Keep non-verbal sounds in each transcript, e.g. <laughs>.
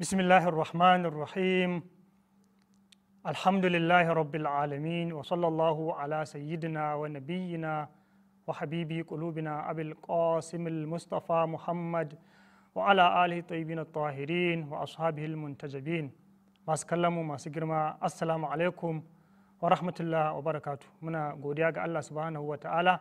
بسم الله الرحمن الرحيم الحمد لله رب العالمين وصلى الله على سيدنا ونبينا وحبيب قلوبنا أبي القاسم المصطفى محمد وعلى آله الطيبين الطاهرين وأصحابه المنتجبين ما سكلموا ما سجرما السلام عليكم ورحمة الله وبركاته منا قوديا الله سبحانه وتعالى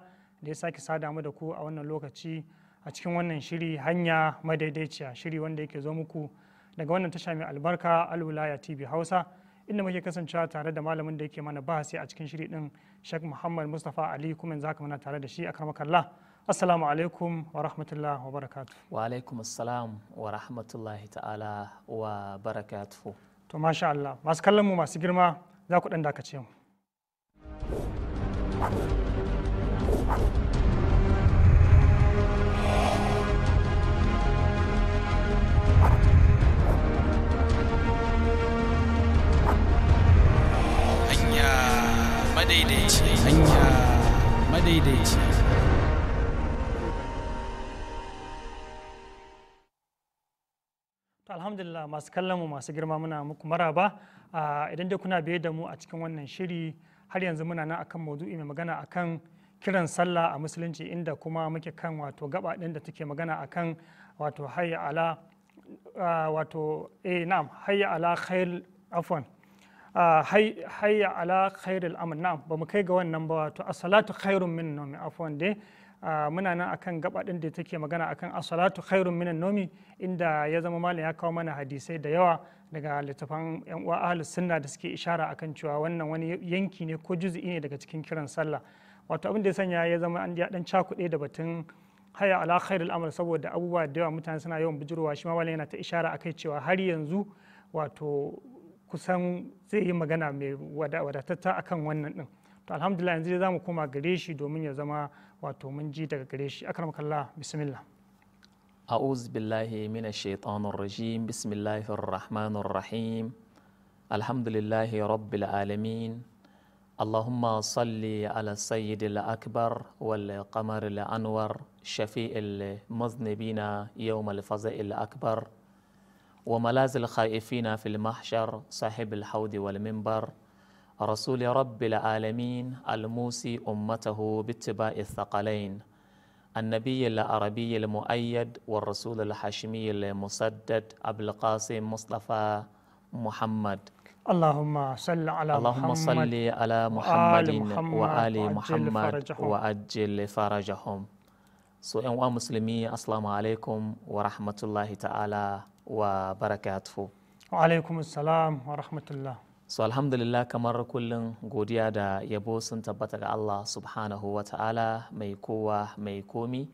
da ya sake sada mu da ku a wannan lokaci a cikin wannan shiri hanya madaidaiciya shiri wanda yake zo muku daga wannan tasha mai albarka alwilaya tv hausa inda muke kasancewa tare da malamin da yake mana bahasi a cikin shiri din shek muhammad mustapha ali kuma yanzu haka muna tare da shi a karmakallah assalamu alaikum wa rahmatullah wa barakatu wa alaikum assalam wa rahmatullahi ta'ala wa barakatu. to masha allah masu kallon mu masu girma za ku dan dakace mu madaidaici hanya alhamdulillah masu kallon mu masu girma muna muku maraba idan dai kuna biye da mu a cikin wannan shiri har yanzu muna nan akan maudu'i mai magana akan kiran sallah a musulunci inda kuma muke kan wato gaba ɗin da take magana akan wato hayya ala wato eh na'am hayya ala khair afwan Ah, hayya ala khairul amal na ba mu kai ga wannan ba wato asalatu khairun min nomi afwan dai ah, muna nan akan kan din da take magana akan kan khairun min nomi inda ya zama malam ya kawo mana hadisai da yawa daga littafan yan uwa ahlus sunna da suke ishara akan cewa wannan wani yanki ne ko juz'i ne daga cikin kiran sallah wato abin da ya sanya ya zama an ya dan cakuɗe da batun haya ala khairul amal saboda abubuwa da yawa mutane suna yawan bijirowa shi ma malam yana ta ishara akai cewa har yanzu wato kusan zai yi magana mai wadatatta akan wannan din to alhamdulillah yanzu za mu koma gare shi domin ya zama wato mun ji daga gare shi akram kallah bismillah أعوذ بالله من الشيطان الرجيم بسم الله الرحمن الرحيم الحمد لله رب العالمين اللهم صل على السيد الأكبر والقمر الأنور شفيع المذنبين يوم الفزع الأكبر وملازل الخائفين في المحشر صاحب الحوض والمنبر رسول رب العالمين الموسي أمته باتباع الثقلين النبي العربي المؤيد والرسول الحاشمي المسدد أبو القاسم مصطفى محمد اللهم صل على اللهم محمد صل على محمد, محمد وآل محمد وأجل فرجهم سو أيها السلام عليكم ورحمة الله تعالى wa barakatuhu wa alaikum salam wa rahmatullah so alhamdulillah kamar kullum godiya da yabo sun tabbata ga Allah subhanahu wa ta'ala mai kowa mai komi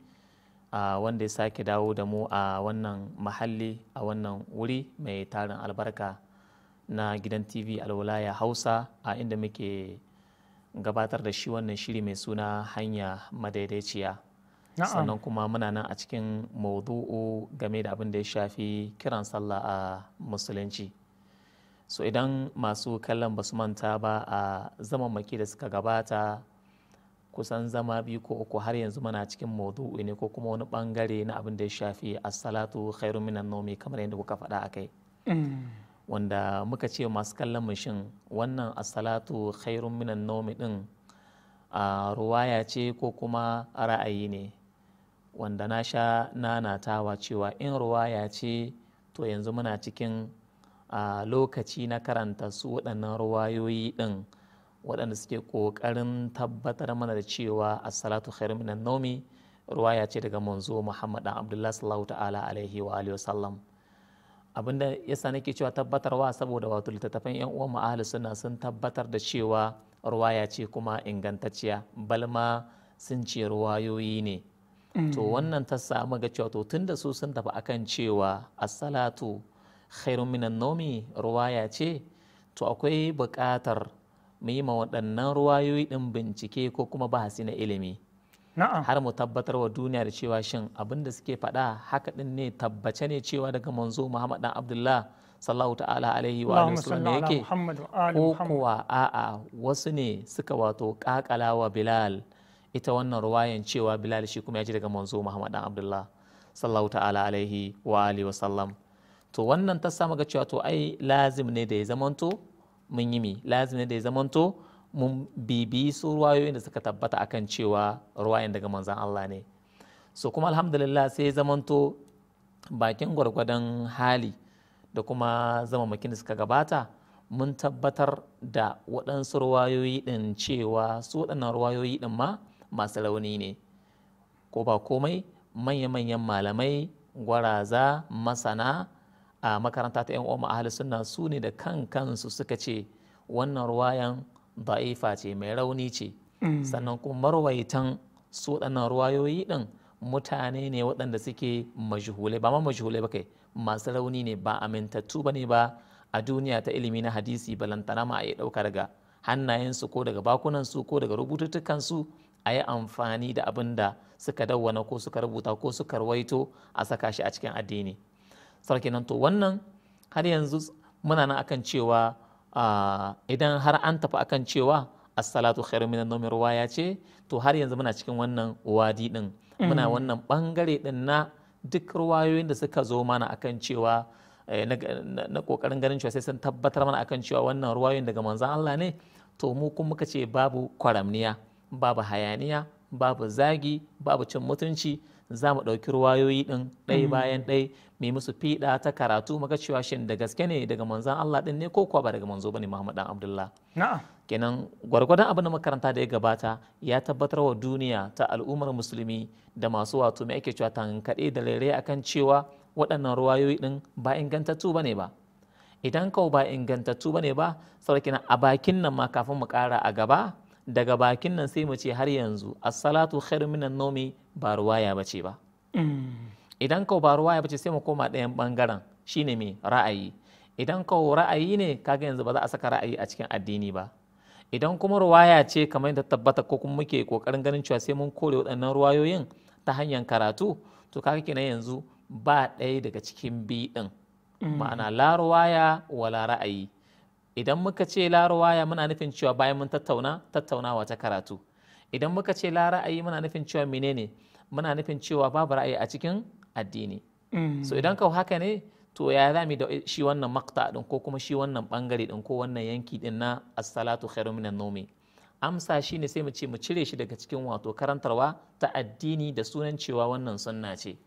uh, wanda ya sake dawo da mu a wannan mahalli a wannan wuri mai tarin albarka na gidan tv alwalaya hausa a inda muke gabatar da shi wannan shiri mai suna hanya madaidaiciya sannan kuma muna nan a cikin maudu'u game da abin da ya shafi kiran sallah a musulunci so idan masu kallon basu manta ba a zaman maki da suka gabata kusan zama biyu ko uku har yanzu muna cikin maudu'u ne ko kuma wani bangare na abin da ya shafi assalatu khairu minan nomi kamar yadda kuka faɗa a kai mm. wanda muka ce masu kallon mashin shin wannan assalatu khairu minan nomi din a ruwaya ce ko kuma ra'ayi ne wanda na sha nana tawa cewa in ruwaya ce to yanzu muna cikin lokaci na karanta su waɗannan ruwayoyi ɗin waɗanda suke ƙoƙarin tabbatar mana da cewa assalatu khairu minan nomi ruwaya ce daga manzo muhammad dan abdullahi sallallahu ta'ala alaihi wa alihi wasallam abinda yasa nake cewa tabbatarwa saboda wato littattafan yan uwan ahli suna sun tabbatar da cewa ruwaya ce kuma ingantacciya balma sun ce ruwayoyi ne to mm. wannan ta samu ga cewa to da su sun tafi akan cewa as-salatu khairun minan nomi ruwaya ce to akwai bukatar mu yi ma waɗannan ruwayoyi ɗin bincike ko kuma bahasi na ilimi har mu tabbatar wa duniya da cewa shin abin da suke faɗa haka ɗin ne tabbace ne cewa daga manzo muhammad dan abdullah sallahu ta'ala alaihi wa sallam yake ko kuwa a'a wasu ne suka wato ƙaƙalawa bilal ita wannan ruwayan cewa bilal shi kuma ya ji daga manzo muhammad dan abdullah sallallahu ta'ala alaihi wa alihi wa sallam to wannan ta samu ga cewa to ai lazim ne da ya zamanto mun yi mi lazim ne da ya zamanto mun bibi su ruwayoyin da suka tabbata akan cewa ruwayan daga manzan Allah ne so kuma alhamdulillah sai ya zamanto bakin gwargwadon hali da kuma zama makin da suka gabata mun tabbatar da waɗansu ruwayoyi ɗin cewa su waɗannan ruwayoyi ɗin ma masu rauni ne ko ba komai manya-manyan malamai gwaraza masana a makaranta ta 'yan uwa ahli suna su ne da kan kansu suka ce wannan ruwayan da'ifa ce mai rauni ce mm. sannan kuma marwaitan su waɗannan ruwayoyi ɗin mutane ne waɗanda suke majhulai ba ma majhulai ba kai masu rauni ne ba amintattu ba ne ba a duniya ta ilimi na hadisi balantana ma a iya ɗauka daga hannayensu ko daga bakunansu ko daga rubututtukansu a yi amfani da abin da suka dawwana ko suka rubuta ko suka rawaito a saka shi a cikin addini sarki nan to wannan har yanzu muna nan akan cewa idan har an tafi akan cewa assalatu salatu khairu minan nawmi ruwaya ce to har yanzu muna cikin wannan wadi din muna mm. wannan bangare din na duk ruwayoyin da suka zo mana akan cewa eh, na kokarin ganin cewa sai sun tabbatar mana akan cewa wannan ruwayoyin daga manzan Allah ne to mu kuma muka ce babu kwaramniya babu hayaniya babu zagi babu cin mutunci za mu ɗauki ruwayoyi ɗin ɗai hmm. bayan ɗai. mai musu fiɗa ta karatu maka cewa shin da gaske ne daga manzan Allah ɗin ne ko kuwa ba daga manzo bane Muhammad dan Abdullah kenan gwargwadon abin da makaranta da ya gabata ya tabbatar wa duniya ta al'ummar musulmi da masu wato mai ake cewa tankaɗe da rere akan cewa waɗannan ruwayoyi ɗin ba ingantattu ba ne ba idan kau ba ingantattu ba ne ba sarki a bakin nan ma kafin mu ƙara a gaba daga bakin nan sai mu ce har yanzu as-salatu khairu minan nomi ba ruwaya bace ba mm. idan kau ba ruwaya bace sai mu koma ɗayan bangaren shine me ra'ayi idan kau ra'ayi ne kaga yanzu ba za a saka ra'ayi a cikin addini ba idan kuma ruwaya ce kamar yadda tabbata ko kuma muke kokarin ganin cewa sai mun kore waɗannan ruwayoyin ta hanyar karatu to kaga kenan yanzu ba ɗaya daga cikin bi ɗin mm. ma'ana la ruwaya wala ra'ayi idan muka ce larawa ya muna nufin cewa bayan mun tattauna tattaunawa ta karatu idan muka ce la ra'ayi muna nufin cewa menene muna nufin cewa babu ra'ayi a cikin addini mm. so idan ka haka ne to ya za da shi wannan makta din ko kuma shi wannan bangare din ko wannan yanki din na as-salatu khairu minan nawmi amsa shine sai mu ce mu cire shi daga cikin wato karantarwa ta addini da sunan cewa wannan sunna ce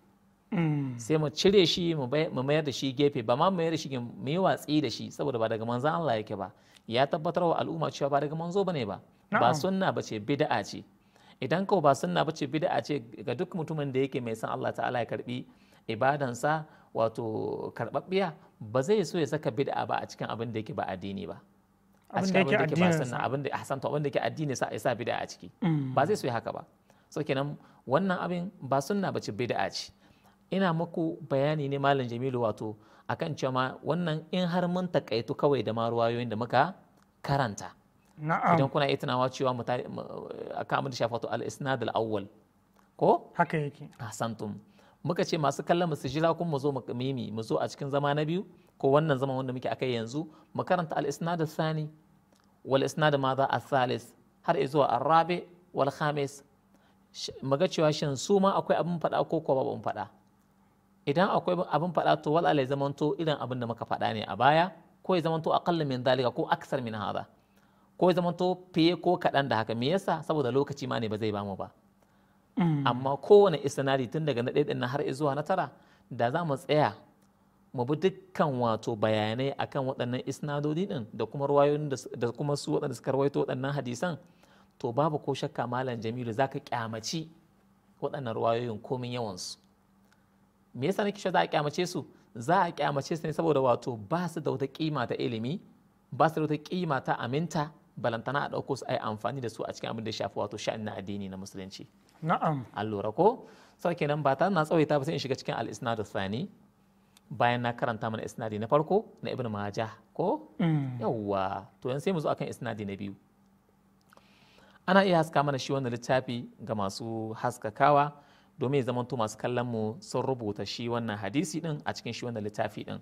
Mm. sai mu cire shi mu mayar da shi gefe ba ma mayar da shi mu yi watsi da shi saboda ba daga manzan Allah yake ba ya tabbatar wa al'umma cewa ba daga manzo bane ba ba sunna bace bid'a ce idan kawai ba sunna bace bid'a ce ga duk mutumin da yake mai son Allah ta'ala ya karbi ibadansa wato karbabbiya ba zai so ya saka bid'a ba a cikin abin da yake ba addini ba a cikin abin da yake ba sunna abin da ahsan to abin da yake addini sa sa bid'a a ciki mm. ba zai so ya haka ba so kenan wannan abin ba sunna bace bid'a ce ina muku bayani ne malam jamilu wato akan cewa wannan in har mun takaitu kawai da ma ruwayoyin da muka karanta idan kuna iya tunawa cewa aka abin shafa to al-isnad al-awwal ko haka yake ahsantum muka ce masu kallon mu su jira kun mu zo mu mimi mu zo a cikin zama na biyu ko wannan zaman wanda muke akai yanzu mu karanta al-isnad al-thani wal isnad za al-thalith har zuwa al-rabi wal khamis mu cewa shin su ma akwai abin fada ko ko babu faɗa idan akwai abin faɗa to wala ya zamanto irin abin da muka faɗa ne a baya ko ya zamanto aqallu min zalika ko aksar min haza ko ya zamanto fiye ko kaɗan da haka me yasa saboda lokaci ma ne ba zai bamu ba mm. amma kowane isnadi tun daga na ɗaya na har zuwa na tara da za mu tsaya mu bi dukkan wato bayanai akan waɗannan isnadodi din da kuma ruwayoyin da kuma su waɗanda suka rawaito waɗannan hadisan to babu ko shakka malam jamilu zaka kyamaci waɗannan ruwayoyin komin yawansu me yasa nake za a kyamace su za a kyamace su ne saboda wato ba su da wata kima ta ilimi ba su da wata kima ta aminta balantana a ɗauko su ai amfani da su a cikin abin da shafi wato na addini na musulunci na'am an ko sau kenan ba ta na tsawaita ba sai in shiga cikin al-isnad thani bayan na karanta mana isnadi na farko na ibn majah ko mm. yawwa to yan sai mu zo akan isnadi na biyu ana iya haska mana shi wannan littafi ga masu haskakawa domin ya zamanto masu kallon mu sun rubuta shi wannan hadisi din a cikin shi wannan littafi din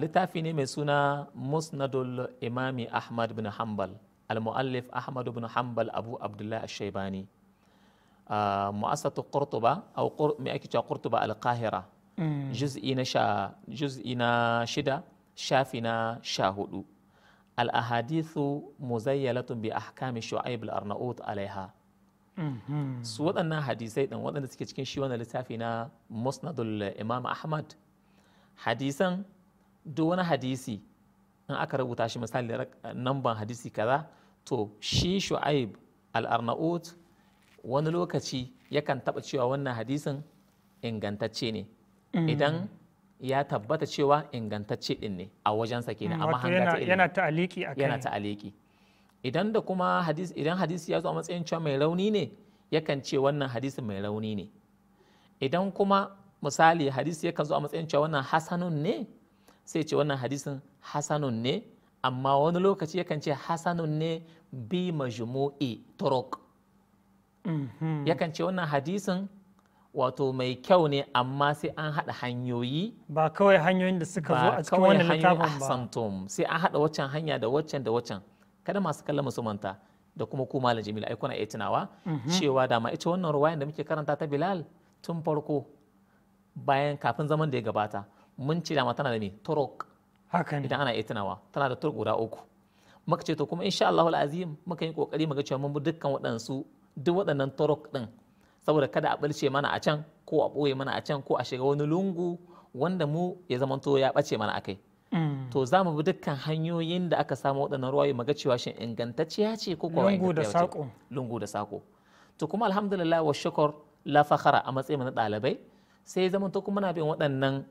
littafi ne mai suna musnadul imami ahmad bin hanbal al-mu'allif ahmad bin hanbal abu abdullahi ash-shaybani mu'assatu qurtuba aw me ake cewa qurtuba al-qahira mm. juz'i na sha juz'i na shida shafi na sha hudu al-ahadithu muzayyalatun bi ahkami shu'aib al-arnaut alaiha Mm-hmm. su waɗannan hadisai ɗin waɗanda suke cikin shi wannan littafi na musnadul imam ahmad hadisan duk wani hadisi in aka rubuta shi misali namban hadisi kaza to shi shu'aib al-arnaut wani lokaci yakan taɓa cewa wannan hadisin ingantacce ne mm. idan ya tabbata cewa ingantacce din ne a wajensa ne amma hanga ta yana ta'aliki yana ta'aliki idan da kuma hadisi idan hadisi ya zo a matsayin cewa mai rauni ne yakan ce wannan hadisi mai rauni ne idan kuma misali hadisi yakan zo a matsayin cewa wannan hasanun ne sai ce wannan hadisin hasanun ne amma wani lokaci yakan ce hasanun ne bi majmu'i turuq mm-hmm. yakan ce wannan hadisin wato mai kyau ne amma sai an haɗa hanyoyi ba kawai hanyoyin da suka zo a cikin wannan littafin ba sai an haɗa waccan hanya da waccan da waccan kada masu kallon su manta da kuma ku malam Jamila ai kuna iya tunawa mhm. cewa dama ita wannan ruwayan da muke karanta ta Bilal tun farko bayan kafin zaman da ya gabata mun ce dama tana da me turuk Hakan ne idan ana iya tunawa tana da turuk guda uku muka ce to kuma insha Allahu azim muka yi kokari muga cewa mun bi dukkan waɗansu duk waɗannan turuk din saboda kada a bulce mana a can ko a ɓoye mana a can ko a shiga wani lungu wanda mu ya zamanto ya ɓace mana akai Mm. to za mu bi dukkan hanyoyin da aka samu waɗannan ruwayoyi maga cewa shin ingantacciya ce ko kuwa lungu da sako lungu da sako to kuma alhamdulillah wa shakar la a matsayin na ɗalibai sai zaman to kuma na bin waɗannan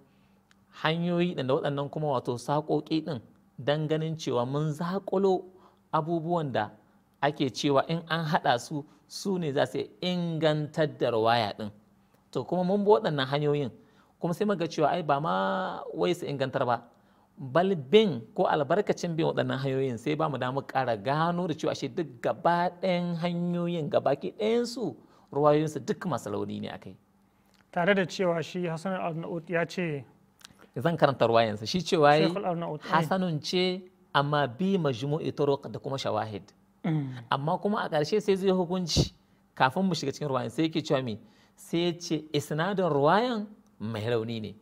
hanyoyi da waɗannan kuma wato saƙoƙi ɗin dan ganin cewa mun zakulo abubuwan da ake cewa in an haɗa su su ne za su ingantar da rawaya ɗin to kuma mun bi waɗannan hanyoyin kuma sai muga cewa ai ba ma wai su ingantar ba bal bin ko albarkacin bin waɗannan hanyoyin sai ba mu damar ƙara gano da cewa shi duk gaba ɗayan hanyoyin gabaki ɗayansu ruwayoyinsu duk masu launi ne akai tare da cewa shi hassan al arnaud ya ce zan karanta ruwayansa shi cewa eh. hasanun ce amma bi majmu'i turuq da kuma shawahid mm. amma kuma a ƙarshe sai zai hukunci kafin mu shiga cikin ruwayan sai yake cewa me sai ya ce isnadin ruwayan mai rauni ne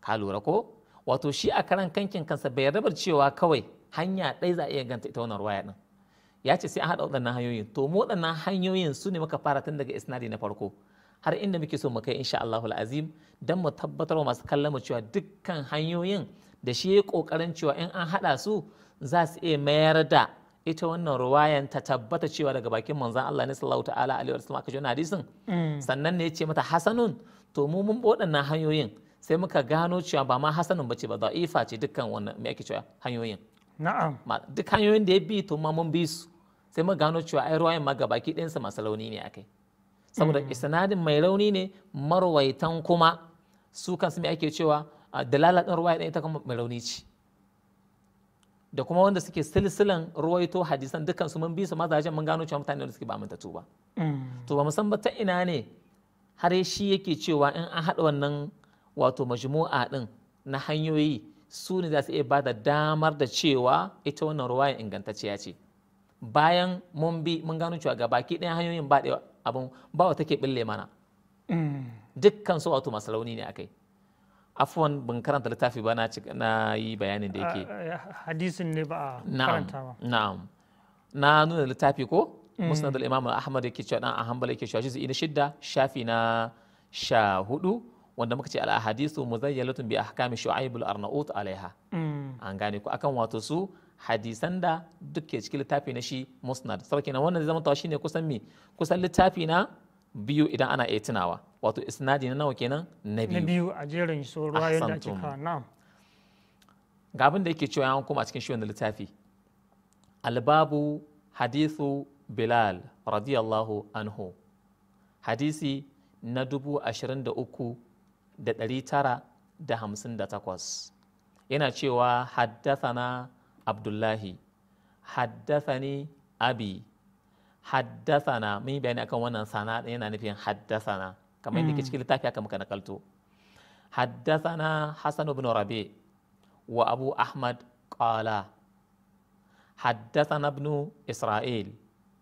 ka lura ko wato shi a karan kankin kansa bai rabar cewa kawai hanya ɗaya za a iya ganta ita wannan ruwaya ɗin ya ce sai an haɗa waɗannan hanyoyin to mu waɗannan hanyoyin su ne muka fara tun daga isnadi na farko har inda muke so mu kai insha Allahu azim dan mu tabbatar wa masu kallon mu cewa dukkan hanyoyin da shi ya kokarin cewa in an haɗa su za su iya mayar da ita wannan ruwayan ta tabbata cewa daga bakin manzon Allah ne sallallahu ta'ala alaihi wasallam aka ji hadisin mm. sannan ne ya ce mata hasanun to mu mun waɗannan hanyoyin sai muka gano cewa ba ma hasanin bace ba da'ifa ce dukkan wannan mai ake cewa hanyoyin na'am duk hanyoyin da ya bi to ma mun bi su sai muka gano cewa ai ruwayan ma gabaki ɗinsa masu launi ne akai saboda mm. isnadin mai rauni ne marwaitan kuma su kansu mai ake cewa dalala ɗin ruwaya ɗin ita kuma mai rauni ce da kuma wanda suke silsilan ruwaito hadisan dukkan su mun bi su mazajen mun gano cewa mutane da suke ba amintattu ba mm. to ba san ba ta ina ne har shi yake cewa in an haɗa wannan wato majmu'a ɗin na hanyoyi su ne za su iya bada damar da cewa ita wannan ruwayan ingantacciya ce bayan mun bi mun gano cewa ga baki ɗaya hanyoyin ba ɗaya abin ba wa take bille mana mm. dukkan su wato masu launi ne akai afwan ban karanta littafi ba na yi bayanin da yake ah, ah, hadisin ne ba a karanta ba na'am na nuna littafi ko mm. musnadul imam ahmad yake cewa dan hanbal yake cewa juz'i na shidda shafi na sha hudu wanda muka ce al ahadisu muzayyalatun bi ahkami shu'aib al arnaut alaiha mm. an gane ku akan wato su hadisan da duk ke cikin littafi na shi musnad sarki na wannan zama tawashi ne kusan mi kusan littafi na biyu idan ana iya tunawa wato isnadi na nawa kenan na biyu a jerin so ruwa yadda ake ka na'am ga abin da yake cewa an kuma a cikin shi wannan littafi albabu hadithu bilal radiyallahu anhu hadisi na dubu ashirin da uku da ɗari tara da hamsin da takwas yana cewa haddathana abdullahi haddathani abi haddathana mun yi bayani akan wannan sana yana nufin haddathana kamar yadda ke mm. cikin littafi aka muka nakalto haddathana hasan ibn rabi wa abu ahmad qala haddathana ibn isra'il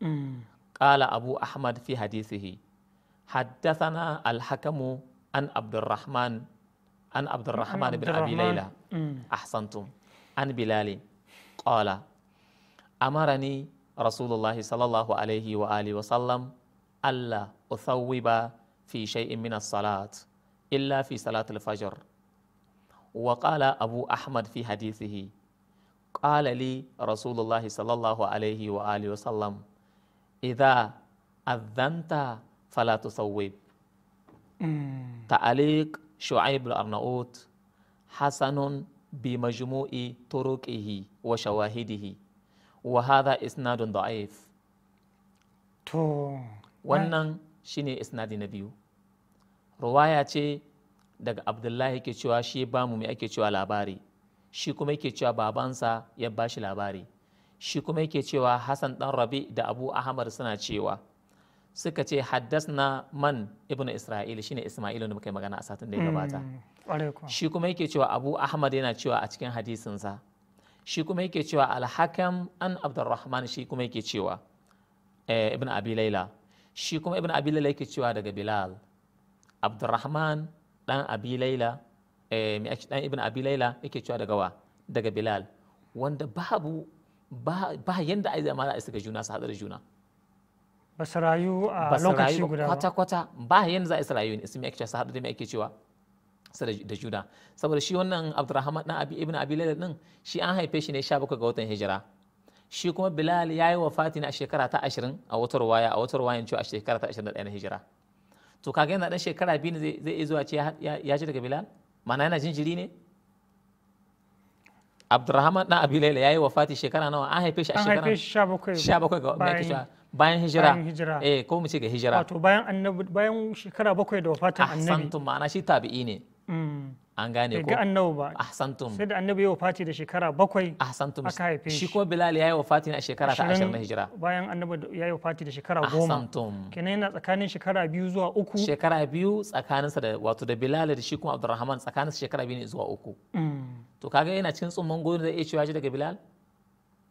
mm. qala abu ahmad fi hadisihi. haddathana al-hakamu عن عبد الرحمن عن عبد الرحمن بن أبي ليلى أحسنتم عن بلال قال أمرني رسول الله صلى الله عليه وآله وسلم ألا أثوب في شيء من الصلاة إلا في صلاة الفجر وقال أبو أحمد في حديثه قال لي رسول الله صلى الله عليه وآله وسلم إذا أذنت فلا تثوب Taalik Shu'aibu al-arnaut hasanun bi majmu'i turuqihi wa shawahidihi wa hadha isnadun wannan shine isnadi na biyu ruwaya ce daga abdullahi ke cewa shi ba mu mai ake cewa labari shi kuma yake cewa babansa ya ba shi labari shi kuma yake cewa hassan dan rabi da abu ahmad suna cewa suka ce haddasna man ibn isra'il shine isma'ilu da muka yi magana a satin da ya gabata hmm, shi kuma yake cewa abu ahmad yana cewa a cikin hadisinsa shi kuma yake cewa alhakam an abdurrahman shi kuma yake cewa eh, ibn abi laila shi kuma ibn abi laila yake cewa daga bilal abdurrahman dan abi laila dan eh, ibn abi laila yake cewa daga wa daga bilal wanda babu ba yanda ai zama da suka juna su da juna ba rayu a lokaci guda ba kwata-kwata ba yadda za a isa rayu ne ismi ake su haɗu da mai ake cewa da juna saboda shi wannan abdurrahman ɗan abi ibn abi laila din shi an haife shi ne 17 ga watan hijira shi kuma bilal ya yi wafati ne a shekara ta 20 a watar waya a watar wayan cewa a shekara ta 21 na hijira to kaga yana dan shekara biyu ne zai iya zuwa ce ya ji daga bilal ma'ana yana jinjiri ne abdurrahman ɗan abi laila ya yi wafati shekara nawa an haife shi a shekara 17 ga watan hijira bayan hijira bayan hijira eh ko mu ce ga hijira wato bayan annabi bayan shekara bakwai da wafatin ah, annabi ahsantum ma'ana shi tabi'i ne mm. an gane ko ga annabi ba ahsantum sai da annabi ya wafati da shekara bakwai ahsantum aka haife shi ko bilal ya yi wafati na a shekara ta 20 na hijira bayan annabi ya yi wafati da shekara goma ahsantum kenan yana tsakanin shekara biyu zuwa uku shekara biyu tsakaninsa da wato da bilal da shi kuma abdurrahman tsakanin shekara biyu ne zuwa uku mm. to kaga yana cikin tsumman gona da ya ce ya ji daga bilal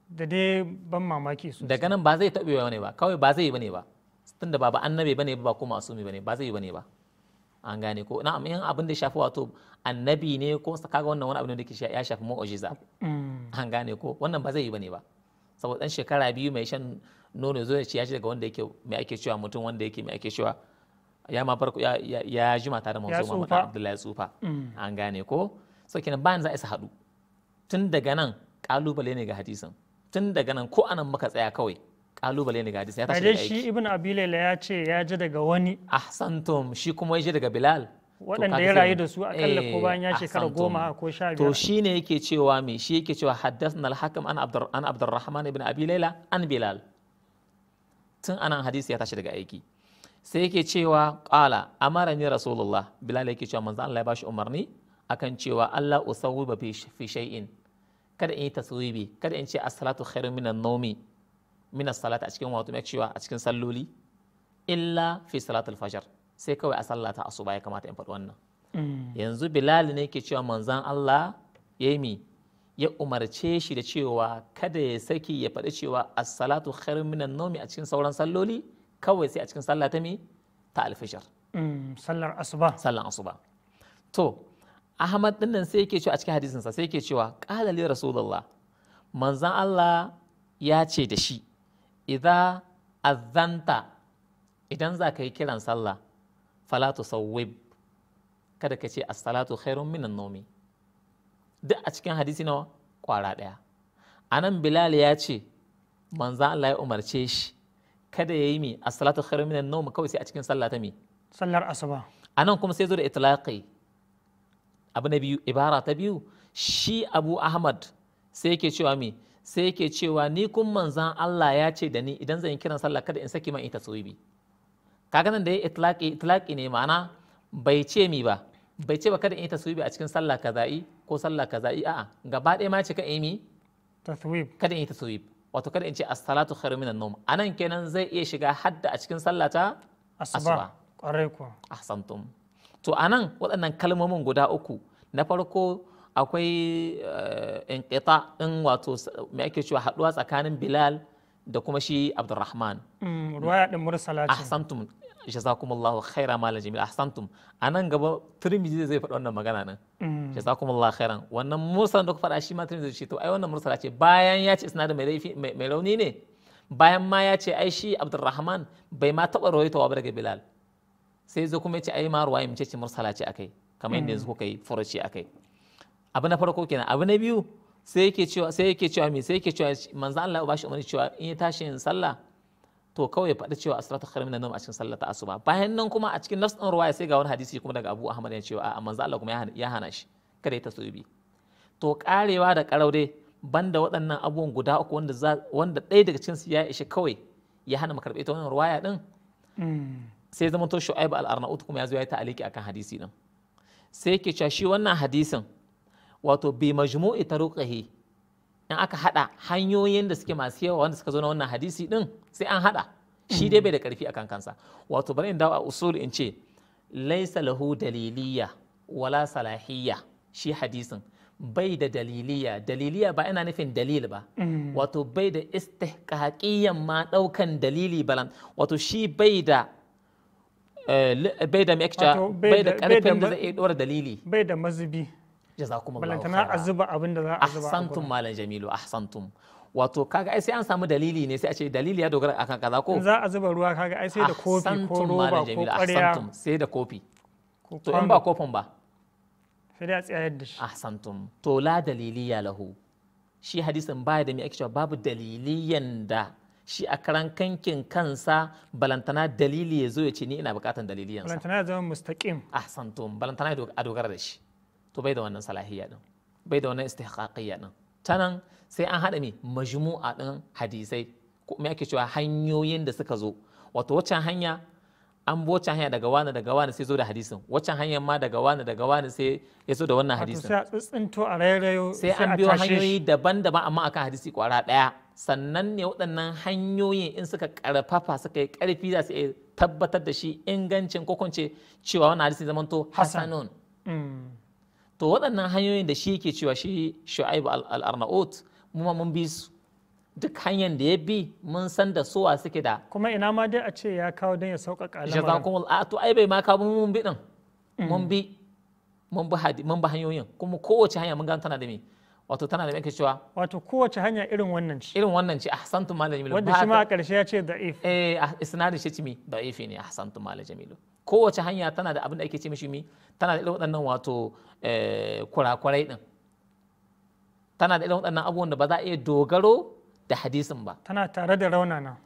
da dai ban mamaki su. daga nan ba zai taɓe bane ba kawai ba zai yi bane ba tunda ba ba annabi bane ba ko masumi bane ba zai yi bane ba an gane ko na amin abin da shafi wato annabi ne ko kaga wannan wani abin da ke ya shafi mu'jiza mm. an gane ko wannan ba zai yi bane ba saboda dan shekara biyu mai shan nono zo ya ci ya ci daga wanda yake mai ake cewa mutum wanda yake mai ake cewa ya ma farko ya jima ta da manzo Muhammad Abdullahi Tsufa mm. an gane ko so kenan ba za a isa haɗu tun daga nan kalubale ne ga hadisin tun daga nan ko anan muka tsaya kawai kalubale ne ga hadisi ya tashi da aiki shi ibn abilaila ya ce ya ji daga wani ahsantum shi kuma ya ji daga bilal waɗanda ya rayu da su a akalla ko eh, bayan ya shekara goma ko sha biyar to shi ne yake cewa me shi yake cewa haddathna al-hakam an abdurrahman ibn abi laila an bilal tun anan hadisi ya tashi daga aiki sai yake cewa qala amara ni rasulullah bilal yake cewa manzo Allah ya bashi umarni akan cewa Allah usawwiba fi shay'in kada in yi taswibi kada in ce as-salatu khairun minan nawmi minas salati a cikin wato cewa a cikin salloli illa fi salatul fajr sai kawai a sallata asuba ya kamata in faɗi wannan mm. yanzu bilal ne ke cewa manzan Allah ya mi ya umarce shi da cewa kada ya saki ya faɗi cewa as-salatu khairun minan nawmi a cikin sauran salloli kawai sai a cikin sallah ta mi ta alfijir mm, sallar asuba sallar asuba to ahmad din nan sai yake cewa a cikin hadisinsa sai yake cewa qala li rasulullah manzon Allah ya ce da shi idza azanta idan za ka yi kiran sallah falatu sawwib kada ka ce as-salatu khairun minan nomi duk a cikin hadisi nawa kwara daya anan bilal ya ce manzan Allah ya umarce shi kada ya yi mi as-salatu khairun minan nomi kawai sai a cikin sallah ta mi sallar asuba anan kuma sai zo da itlaqi abu na biyu ibara ta biyu shi abu ahmad sai yake cewa mi sai yake cewa ni kun manzan Allah ya ce da ni idan zan yi kiran sallah kada in saki man ita tsoyi kaga nan da ya itlaqi itlaqi ne ma'ana bai ce mi ba bai ce ba kada in yi bi a cikin sallah kaza'i ko sallah kaza'i a'a gaba ɗaya ma ce ka yi taswib kada in yi taswib wato kada in ce as-salatu khairu minan nawm anan kenan zai iya shiga hadda a cikin sallah ta asuba ƙwarai ko ahsantum to anan waɗannan kalmomin guda uku na farko akwai eh, inqita in wato me ake cewa haɗuwa tsakanin bilal da kuma shi Abdulrahman. Mm, ruwaya din mursala ce ahsantum jazakumullahu khaira malam jamil ahsantum a nan gaba tirmidhi zai faɗi wannan magana nan mm. jazakumullahu khairan wannan mursal da ku faɗa shi ma tirmidhi ce to ai wannan mursala ce bayan ya ce sinadar mai laifi mai rauni ne bayan ma ya ce ai shi Abdulrahman bai ma taɓa rawaitowa ba daga bilal sai zo kuma ce ai ma ruwaya mu ce mursala ce akai kamar yadda yanzu mm. kuka yi furuci akai abu na farko kenan abu na biyu sai yake cewa sai yake cewa me sai yake cewa manzo Allah ba shi umarni cewa in ya tashi yin sallah to kawai faɗi cewa asratu kharim nawm a cikin sallah ta asuba bayan nan kuma a cikin nafs ruwaya sai ga wani hadisi kuma daga Abu Ahmad ya cewa a manzo Allah kuma ya hana shi kada ya bi to karewa da karau dai banda waɗannan abubuwan guda uku wanda wanda ɗaya daga cikin su ya ishi kawai ya hana mu karɓe ta wannan ruwaya din mm. sai zama to shu'aib al-arnaut kuma ya zo ya aliki akan hadisi din sai yake cewa shi wannan hadisin wato bi majmu'i taruqihi in aka hada hanyoyin da suke masu yawa wanda suka zo na wannan hadisi din sai an hada shi dai bai da karfi akan kansa wato bari in dawo a usul in ce laisa lahu daliliya wala salahiyya shi hadisin bai da daliliya daliliya ba ina nufin dalil ba mm. wato bai da istihqaqiyyan ma daukan dalili balan wato shi bai da Eh, bai da mixture bai da karfin da zai dora dalili bai da mazubi jazakumullahu khairan balantana a zuba abin da za a zuba ahsantum malam jamilu ahsantum wato kaga ai sai an samu dalili ne sai a ce dalili ya dogara akan kaza ko za a zuba ruwa kaga ai sai da kofi ko roba ko ƙwarya sai da kofi to in ba kofin ba sai da tsayar da shi ahsantum to la ya lahu shi hadisin baya da mai ake cewa babu daliliyan da shi a karan kankin kansa balantana dalili ya zo ya ce ni ina bukatan dalili yansa balantana ya zama mustaqim ahsantum balantana ya dogara da shi to bai da wannan salahiyya din bai da wannan istihqaqiyya din tanan sai an hada me majmu'a din hadisai ko me ake cewa hanyoyin da suka zo wato waccan hanya an bi waccan hanya daga wani daga wani sai zo da hadisin waccan hanyar ma daga wani daga wani sai ya zo da wannan hadisin sai a tsintsinto a rairayo sai an biyo hanyoyi daban-daban amma akan hadisi kwara daya sannan ne waɗannan hanyoyin in suka ƙarfafa suka yi ƙarfi za su iya tabbatar da shi ingancin ko kunce cewa wani hadisi zamanto hasanun mm. to waɗannan hanyoyin da shi yake cewa shi shu'aib al-arnaut mu ma mun bi su duk hanyar da ya bi mun san da suwa suke da kuma ina ma dai a ce ya kawo don ya sauƙaƙa lamarin kuma, a to ai bai ma kawo mun bi din mm. mun bi mun bi hanyoyin kuma kowace hanya mun gano tana da me wato tana da yake cewa wato kowace hanya irin wannan ce irin wannan ce ahsantu mala jamilu wanda shi ma a karshe ya ce da'if eh ah, isnadu shi ce mi if ne ahsantu mala jamilu kowace hanya tana da abin da ake ce mishi mi tana da irin waɗannan wato eh, kurakurai din tana da irin waɗannan abubuwan da ba za a iya dogaro da hadisin ba tana tare da raunana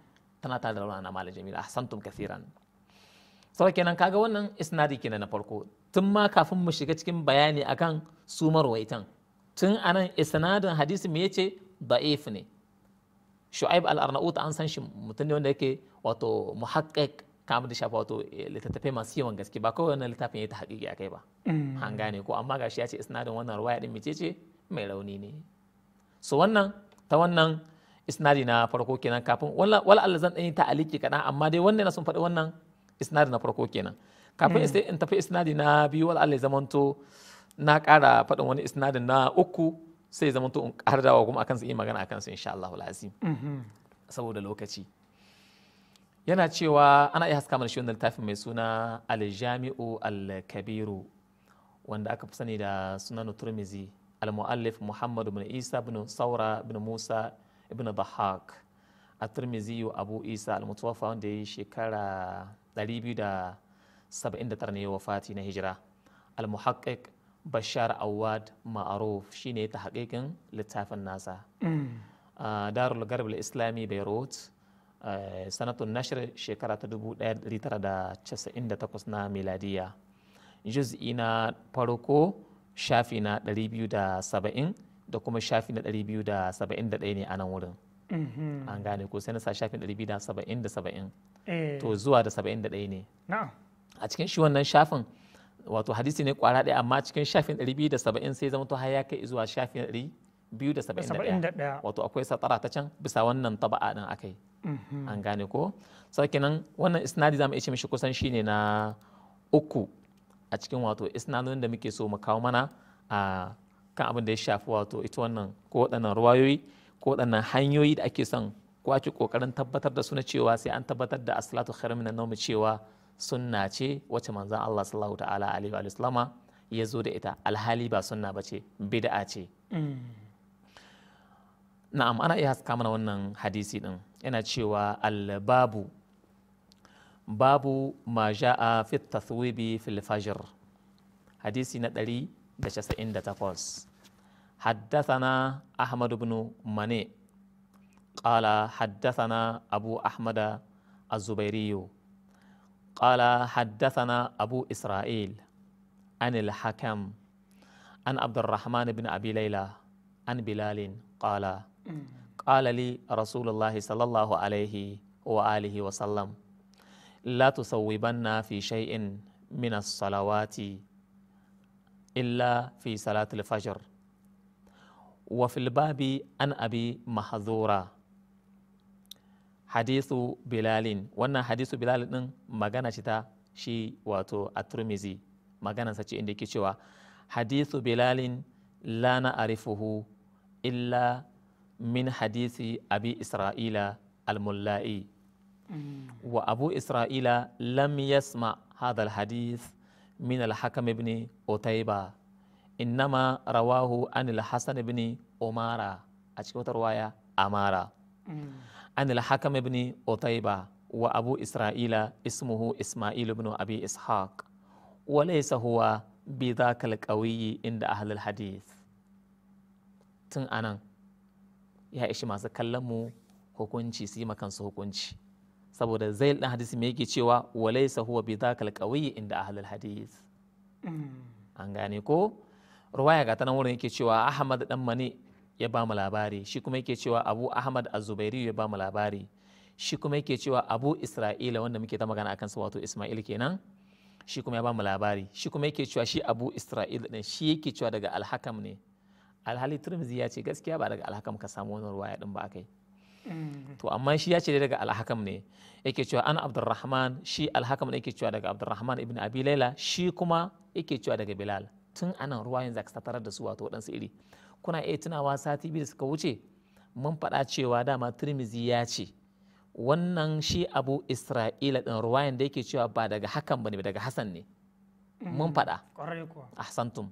tana tare da raunana mala jamilu ahsantum kathiran sau kenan kaga wannan isnadi kenan na farko tun ma kafin mu shiga cikin bayani akan sumar waitan tun anan isnadin hadisi me yace da'if ne shu'aib al-arnaut an san shi mutum ne wanda yake wato muhaqqiq kamar da shafa wato eh, littattafai masu yawan gaske ba kawai wannan littafin ya ta haƙiƙi akai ba mm. an gane ko amma gashi ya ce isnadin wannan ruwaya din mace ce mai rauni ne so wannan ta wannan isnadi na farko kenan kafin wala Allah zan dan yi ta aliki kaɗan amma dai wannan sun faɗi wannan isnadi na farko kenan kafin mm. in tafi isnadi na biyu wala Allah zamanto na ƙara faɗin wani isnadin na uku sai zama to in dawa kuma akan su yi magana akan su insha Allah lazim mm-hmm. saboda lokaci yana cewa ana iya haska mana shi wannan littafin mai suna al-jami'u al-kabiru wanda aka fi sani da sunan turmizi al-mu'allif muhammad ibn isa ibn saura ibn musa ibn Bahak a turmizi abu isa al-mutawaffa wanda ya yi shekara 279 ne wafati na hijira al-muhaqqiq bashar awad ma'aruf shine ta haƙiƙin littafin nasa mm. ah, darul garb islami beirut eh, sanatun nashir shekara ta 1998 na miladiya juz'i na farko shafi na 270 da kuma shafi na 271 ne a nan wurin mm-hmm. an gane ko sai na sa shafin 270 da 70 eh. to zuwa da 71 ne a cikin shi wannan shafin wato hadisi ne kwara ɗaya amma cikin shafin 270 sai zama to har ya kai zuwa shafin 271 wato akwai satara ta can bisa wannan taba'a din akai mhm. an gane ko sauki nan wannan isnadi zamu iya mishi kusan shine na uku a cikin wato isnadin da muke so mu kawo mana a kan abin da ya shafi wato ita wannan ko waɗannan ruwayoyi ko waɗannan hanyoyi da ake son ko ake kokarin tabbatar da su na cewa sai an tabbatar da asalatu khairun minan cewa sunna ce wacce manzan Allah sallallahu ta'ala alaihi wa sallama ya zo da ita alhali ba sunna ba ce bid'a ce na'am ana iya haska mana wannan hadisi din yana cewa albabu babu ma ja'a fi tathwibi fil fajr hadisi na 198 حدثنا أحمد بن مني قال حدثنا أبو أحمد الزبيري قال حدثنا أبو إسرائيل عن الحكم عن عبد الرحمن بن أبي ليلى عن بلال قال قال لي رسول الله صلى الله عليه وآله وسلم لا تصوبن في شيء من الصلوات إلا في صلاة الفجر وفي الباب عن أبي محذورة hadisu bilalin wannan hadisu bilalin din magana ce ta shi wato at-tirmizi maganansa ce inda ke cewa hadisu bilalin la na arifuhu illa min hadisi abi isra'ila al-mulla'i mm. wa abu isra'ila lam yasma hadha al-hadith من الحكم بن أتيبة إنما رواه عن Umara a cikin أشكوت amara أمارة mm. عن الحكم بن قتيبة وأبو إسرائيل اسمه إسماعيل بن أبي إسحاق وليس هو بذاك القوي عند أهل الحديث tun anan ya ishi masu kallon mu hukunci su yi makansu hukunci saboda zai ɗan hadisi mai yake cewa walaisa huwa bi dhakal qawiyyi inda ahlul hadith an gane ko ruwaya ga ta nan wurin yake cewa ahmad dan mani ya ba mu labari shi kuma yake cewa abu ahmad az-zubairi ya ba mu labari shi kuma yake cewa abu isra'ila wanda muke ta magana akan su wato isma'il kenan shi kuma ya ba mu labari shi kuma yake cewa shi abu isra'ila din shi yake cewa daga alhakam ne alhali turmizi ya ce gaskiya ba daga alhakam ka samu wani ruwaya din ba kai mm. to amma shi ya ce daga alhakam ne yake cewa an abdurrahman shi alhakam ne yake cewa daga abdurrahman ibn abi laila shi kuma yake cewa daga bilal tun anan ruwayan zaka tarar da su wato wadansu iri kuna iya tunawa sati biyu da suka wuce mun faɗa cewa dama turmizi ya ce wannan shi abu isra'ila ɗin ruwayan da yake cewa ba daga hakan ba ne daga hasan ne mun faɗa santum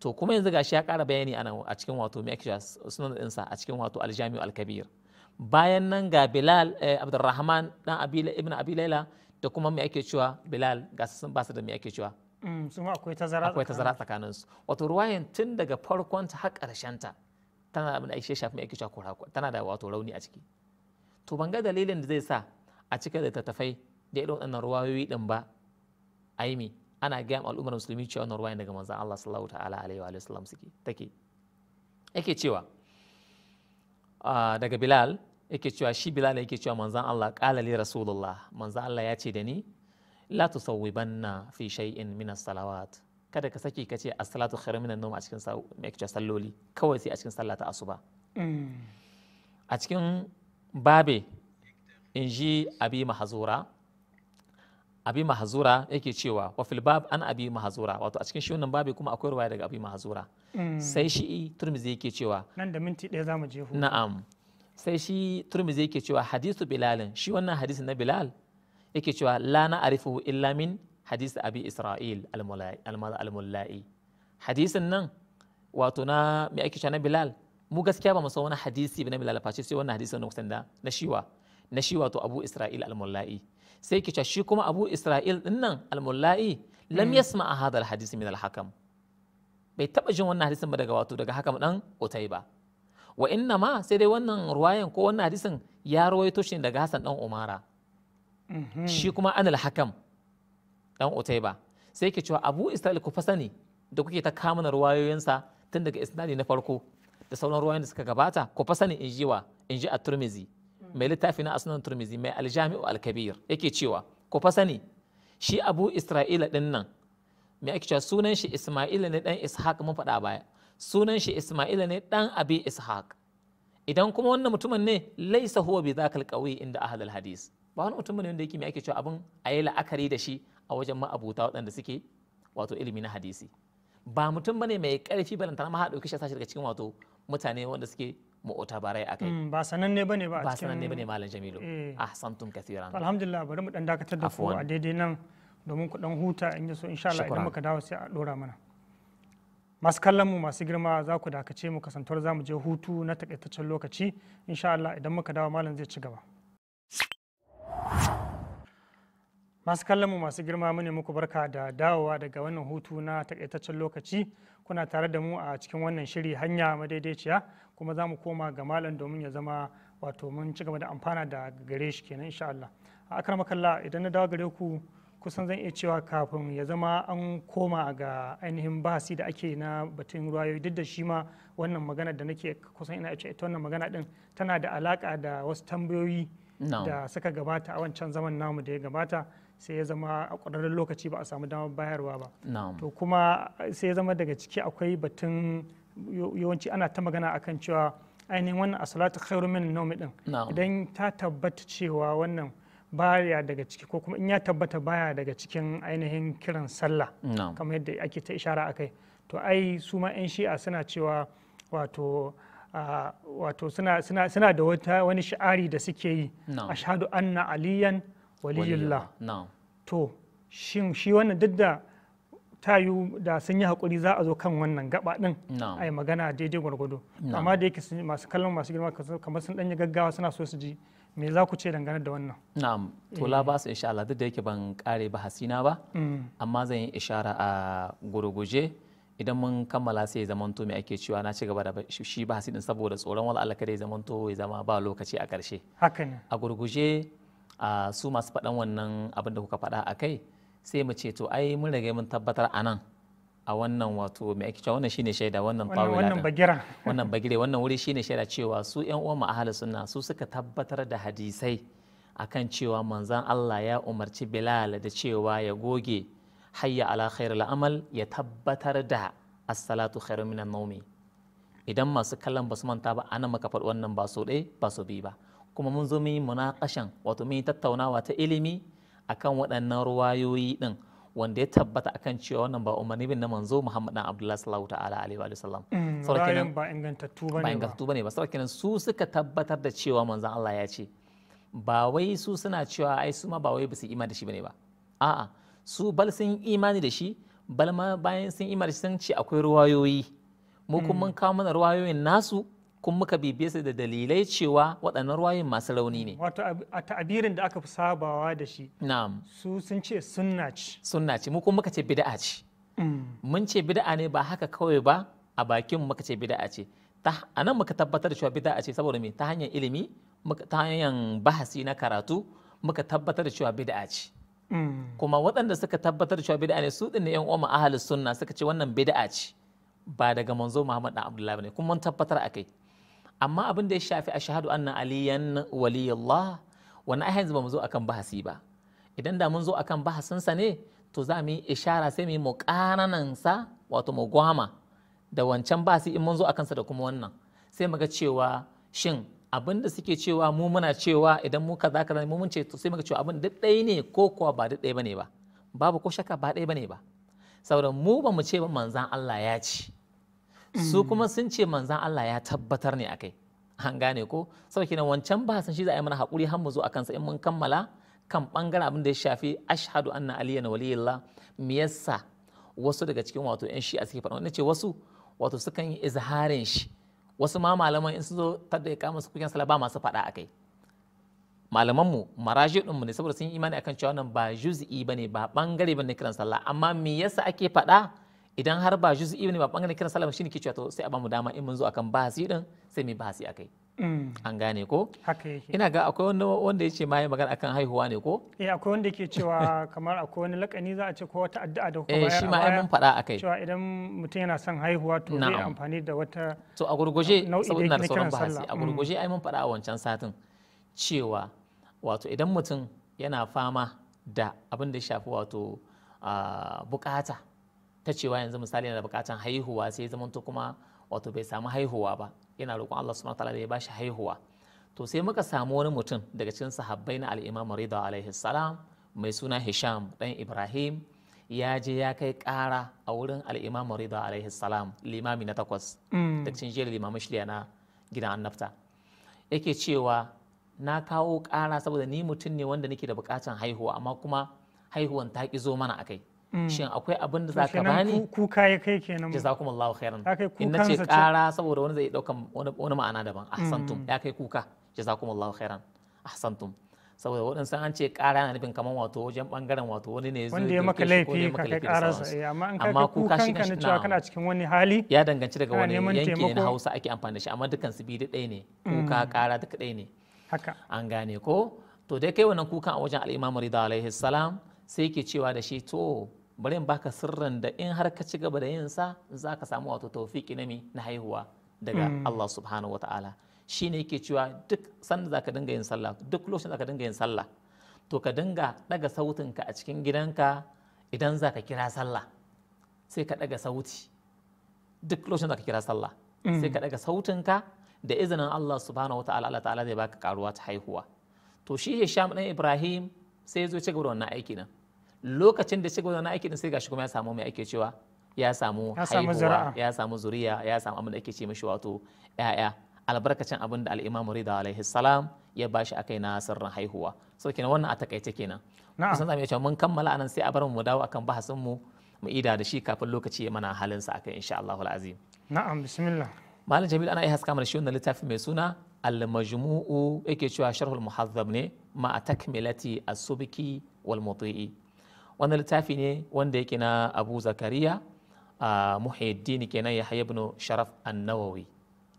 to kuma yanzu gashi ya ƙara bayani a cikin wato mai sunan ɗinsa a cikin wato aljami'u alkabir bayan nan ga bilal eh, Abdulrahman dan ibn Abilaila da kuma mai ake cewa bilal ga sun basu da mai ake cewa Mm, sun akwai tazara akwai tazara tsakanin su wato ruwayan tun daga farkon ta har karshen ta tana da abin shafi mai ake cewa tana da wato rauni a ciki to ban ga dalilin da zai sa a cikin littattafai da irin wannan ruwayoyi din ba aimi ana gaya ma al'ummar musulmi cewa wannan ruwayan daga manzon Allah sallallahu ta'ala alaihi wa sallam suke take yake cewa daga Bilal yake cewa shi Bilal yake cewa manzon Allah qala li rasulullah manzon Allah ya ce da ni la tusawwibanna fi shay'in min as-salawat kada ka saki ka ce as-salatu khairu minan nawm a cikin salloli kawai sai a cikin sallah ta asuba mm. a cikin babe in ji abi mahazura abi mahazura yake cewa wa fil bab an abi mahazura wato a cikin shi wannan babe kuma akwai ruwaya daga abi mahazura mm. sai shi turmizi yake cewa nan da minti ɗaya zamu je na'am sai shi turmizi yake cewa hadisu bilalin shi wannan hadisi na bilal yake cewa la na arifu illa min hadisi abi isra'il al-mulla'i hadisin nan wato na mai ake cewa na bilal mu gaskiya ba mu san wani hadisi na bilal face sai wannan hadisin na kusan da na shiwa na shi wato abu isra'il al-mulla'i sai ke shi kuma abu isra'il din nan al-mulla'i lam hmm. yasma a hadal hadisi min al bai taba jin wannan hadisin ba daga wato daga hakam dan utai ba wa inna ma sai dai wannan ruwayan ko wannan hadisin ya rawaito shi daga hasan dan umara Mhm. shi kuma anal hakam dan otaiba sai ke cewa abu isra'il ku fasa da kuke ta kamuna ruwayoyinsa tun daga isnadi na farko da sauran ruwayoyin da suka gabata ku fasa ne in ji a turmizi hmm. mai littafi na asunan turmizi mai aljami'u alkabir yake cewa ku fasa shi abu isra'ila din nan mai ake cewa sunan shi isma'ila ne dan ishaq mun faɗa baya sunan shi isma'ila ne dan abi ishaq idan kuma wannan mutumin ne laisa huwa bi zakal qawi inda ahlul hadis ba wani mutum ne wanda yake mai ake cewa abin a yi la'akari da shi a wajen ma'abuta waɗanda suke wato ilimi na hadisi ba mutum bane mai ƙarfi ba lantarki mahaɗo shi sashi daga cikin wato mutane wanda suke mu'uta a akai mm, ba sananne bane ba ba sananne bane malam jamilu eh. Ah santum kathiran alhamdulillah bari mu dan dakatar da ku a daidai nan domin ku dan huta in so insha Allah idan muka dawo sai a dora mana masu kallon mu masu girma za ku dakace mu kasantar za mu je hutu na takaitaccen lokaci insha Allah idan muka dawo malam zai ci gaba masu kallonmu masu girma mune muku barka da dawowa daga wannan hutu na takaitaccen lokaci kuna tare da mu a cikin wannan shiri hanya madaidaiciya kuma za mu koma ga malam domin ya zama wato mun ci gaba da amfana da gare shi kenan insha Allah a makalla idan na dawo gare ku kusan zan iya cewa kafin ya zama an koma ga ainihin bahasi da ake na batun ruwayoyi duk da shi ma wannan magana da nake kusan ina ita wannan magana din tana da alaka da wasu tambayoyi da suka gabata a wancan zaman namu da ya gabata sai ya zama a ƙwararren lokaci ba a samu damar bayarwa ba to kuma sai ya zama daga ciki akwai batun yawanci ana ta magana akan cewa ainihin wannan asalatu khairu min naumi din idan ta tabbata cewa wannan baya daga ciki ko kuma in ya tabbata baya daga cikin ainihin kiran sallah kamar yadda ake ta ishara akai to ai su ma 'yan shi'a suna cewa wato wato suna da wani sha'ari da suke yi ashhadu anna aliyan waliyullah to shi wannan duk da ta tayu da sun yi haƙuri za a zo kan wannan gaba ɗin a yi magana daidai gwargwado amma da yake masu kallon masu girma kamar sun ɗanyi gaggawa suna so su ji me za ku ce dangane da wannan na'am to eh. la ba su insha duk da yake ban kare ba hasina mm. ba amma zan yi ishara a gurguje idan mun kammala sai ya zamanto mai ake cewa na ci gaba da shi ba hasidin saboda tsoron wala Allah kada ya zamanto ya zama ba lokaci a ƙarshe a gurguje a su masu faɗan wannan abin da kuka faɗa a kai sai mu ce to ai mun rage mun tabbatar a nan a wannan wato mai ake cewa wannan shine shaida wannan tawila wannan bagira <laughs> wannan bagire wannan wuri shine shaida cewa su ƴan uwan mu ahli sunna su suka tabbatar da hadisai akan cewa manzon Allah ya umarci Bilal da cewa ya goge hayya ala khairul amal ya tabbatar da as-salatu khairun minan naumi idan masu kallon basu manta ba ana maka faɗi wannan ba so ɗaya ba so bi ba kuma mun zo mun yi munakashan wato mun yi tattaunawa ta ilimi akan waɗannan ruwayoyi din wanda ya tabbata akan cewa wannan ba umarni bin na manzo Muhammad dan Abdullah sallallahu ta'ala alaihi wa sallam mm, sarkinan ba ingantattu bane ba ingantattu bane ba sarkinan su suka tabbatar da cewa manzon Allah ya ce ba wai su suna cewa ai su ma ba wai ba su ima da shi bane ba a'a su bal sun yi imani da shi bal ma bayan sun imani da shi sun ce akwai ruwayoyi mu kuma mun mm. kawo mana ruwayoyin nasu kun muka bibiye su da dalilai cewa waɗannan ruwayoyin masu rauni ne wato a ta'abirin da aka fi sabawa da shi na'am su sun ce sunna ce sunna ce mu kuma muka ce bid'a ce mm. mun ce bid'a ne ba haka kawai ba a bakin muka ce bid'a ce a nan muka tabbatar da cewa bid'a ce saboda me ta hanyar ilimi ta hanyar bahasi na karatu muka tabbatar da cewa bid'a ce Mm. kuma waɗanda suka tabbatar cewa bid'a ne su ɗin yan uwan ahalus sunna suka ce wannan bid'a ce ba daga manzo Muhammad dan Abdullahi bane kuma mun tabbatar akai amma abin da ya shafi ashhadu anna aliyan waliyullah wannan ai yanzu ba mu zo akan bahasi ba idan da mun zo akan bahasin sa ne to za mu yi ishara sai mu yi sa wato mu gwama da wancan bahasi in mun zo akan sa da kuma wannan sai mu ga cewa shin abin da suke cewa mu muna cewa idan mu kaza kaza mu mun ce to sai muka cewa abin duk ɗaya ne ko kuwa ba duk ɗaya bane ba babu ko shakka ba ɗaya bane ba saboda mu ba mu ce ba manzan Allah ya ci su kuma sun ce manzan Allah ya tabbatar ne akai an gane ko saboda kenan wancan ba san shi za a yi mana hakuri har mu zo akan sa in mun kammala kan bangaren abin da ya shafi ashhadu anna aliyan waliyullah me yasa wasu daga cikin wato yan shi'a suke faɗa wanda ce wasu wato sukan yi izharin shi wasu ma malaman in su zo ta da kama su kuken sala ba masu faɗa a kai malaman mu maraji din mu ne saboda sun yi imani akan cewa wannan ba juz'i bane ba bangare bane kiran sallah amma me yasa ake faɗa idan har ba juz'i bane ba bangare kiran sallah shine ke cewa to sai a ba mu dama in mun zo akan basi din sai mu a kai. Mm. an gane ko haka yake ina ga akwai wanda wanda yace ma yi magana akan haihuwa ne ko eh akwai wanda yake cewa <laughs> kamar akwai wani lakani za a ce ko wata addu'a da eh, kuma shi ma ai mun faɗa akai cewa idan mutum yana son haihuwa to zai amfani da wata to a gurguje saboda na da sauran bahasi a gurguje mm. ai mun faɗa a wancan satin cewa wato idan mutum yana fama da abin da shafi wato bukata ta cewa yanzu misali yana da bukatan haihuwa sai ya zamanto kuma wato bai samu haihuwa ba yana roƙon Allah subhanahu wataala da ya bashi haihuwa to sai muka samu wani mutum daga cikin sahabbai na al-Imam Rida alaihi salam mai suna Hisham dan Ibrahim ya je ya kai ƙara a wurin al-Imam Rida alaihi salam limami na takwas mm. daga cikin jerin limamin shirya na gidan annabta yake cewa na kawo ƙara saboda ni mutum ne wanda nake da buƙatar haihuwa amma kuma haihuwan ta ƙi zo mana akai Mm. shin akwai abin da za ka bani kuka ya kai kenan jazakumullahu khairan in na ce kara saboda wani zai ɗaukan wani ma'ana daban ahsantum mm. ya kai kuka jazakumullahu khairan ahsantum saboda waɗansu an ce ƙara yana nufin kamar wato wajen ɓangaren wato wani ne zai wanda ya maka laifi ka kai ƙararsa eh, amma in ka kuka shi kan cewa kana cikin wani hali ya danganci daga wani yanki na Hausa ake amfani da shi amma dukkan su biyu ɗaya ne kuka mm. ƙara duk ɗaya ne haka an gane ko to dai kai wannan kukan a wajen al-Imam rida alaihi salam sai ke cewa da shi to bari in baka sirrin da in har ka ci gaba da yin sa za ka samu wato tawfiki na na haihuwa daga mm. Allah subhanahu wa ta'ala Shi ne yake cewa duk sanda ka dinga yin sallah duk lokacin ka dinga yin sallah to ka dinga daga sautinka a cikin gidanka idan za ka kira sallah sai ka daga sauti duk lokacin ka kira sallah mm. sai ka daga sautinka da izinin Allah subhanahu wa ta'ala Allah ta'ala zai baka karuwa ta haihuwa to shi Hisham sha Ibrahim sai ya zo ci gaba da wannan aiki nan lokacin da shiga wannan aiki din sai gashi kuma ya samu mai ake cewa ya samu haihuwa ya samu zuriya ya samu abin da ake ce mishi wato ƴaƴa albarkacin abin da al-Imam Rida alaihi salam ya bashi akai na sirrin haihuwa so kenan wannan a takaice kenan kusan zamu iya cewa mun kammala anan sai a bar mu dawo akan bahasin mu mu ida da shi kafin lokaci ya mana halin sa akai insha Allahu azim na'am bismillah malam Jamil ana iya haska mana shi wannan littafi mai suna al-majmu'u yake cewa sharhul muhazzab ne ma'a takmilati as-subki wal muti'i wannan littafi ne wanda yake na abu zakariya a muhaddini kenan yahya ibn sharaf annawawi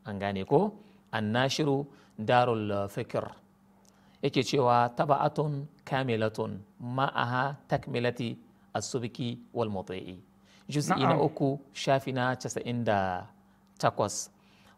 an gane ko annashiru darul fikr yake cewa taba'atun kamilatun ma'aha takmilati as wal muti'i juz'i na uku shafi na takwas.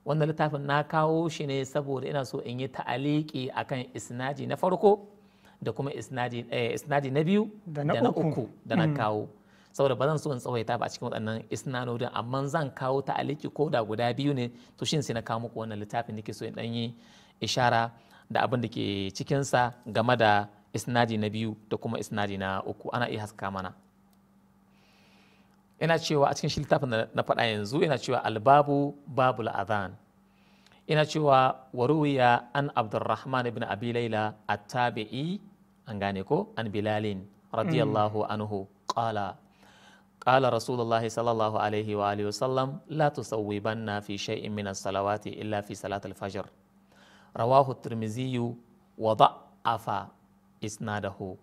wannan littafin na kawo shi ne saboda ina so in yi ta'aliki akan isnadi na farko da kuma eh, isnadi na biyu da na uku da na mm. kawo saboda ba zan so in tsawaita ba a cikin waɗannan isnanodin amma zan kawo ta aliki ko da guda biyu ne to shin sai na kawo muku wannan littafin nake so in dan yi ishara da abin da ke cikinsa game da isnadi na biyu da kuma isnadi na uku ana iya haska mana ina cewa a cikin shi littafin na faɗa yanzu ina cewa albabu babul adhan ina cewa waruwiya an abdurrahman ibn abi laila at-tabi'i an gane ko an bilalin radiyallahu anhu qala qala rasulullah sallallahu alaihi wa alihi wasallam la tusawwibanna fi shay'in min as-salawati illa fi salat al-fajr rawahu at-tirmidhi wa da'afa isnadahu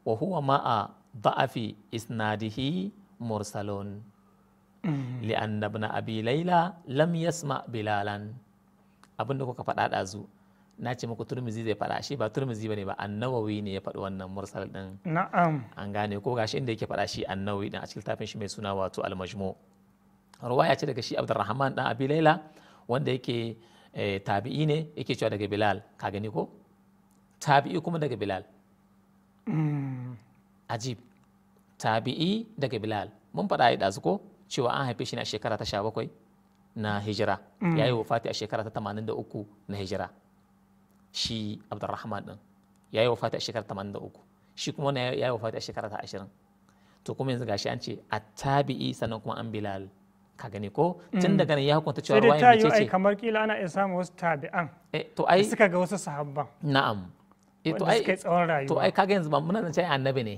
wa huwa ma'a da'afi isnadihi mursalun لأن ابن أبي ليلى لم يسمع بلالا abin da kuka faɗa ɗazu na ce muku turmizi zai faɗa shi ba turmizi ne ba annawawi ne ya faɗi wannan mursal ɗin. na'am an gane ko gashi inda yake faɗa shi annawawi din a cikin tafin shi mai suna wato al-majmu ruwaya ce daga shi abdurrahman dan abi laila wanda yake eh, tabi'i ne yake cewa daga bilal ka gani ko tabi'i kuma daga bilal hmm. ajib tabi'i daga bilal mun faɗa ya ɗazu ko cewa an haife shi ne a shekara ta sha bakwai na hijira mm. ya yi wafati a shekara ta 83 na hijira shi abdurrahman din ya yi wafati a shekara ta 83 shi kuma ya yi wafati a shekara ta 20 to kuma yanzu gashi an ce a tabi'i sannan kuma an bilal ka gani ko mm. tun daga nan ya hukunta cewa ruwayan mace ce sai kamar kila ana iya samun wasu tabi'an eh, to ai suka ga wasu sahabban na'am eh, to ai to ai kaga yanzu ba muna zance annabi ne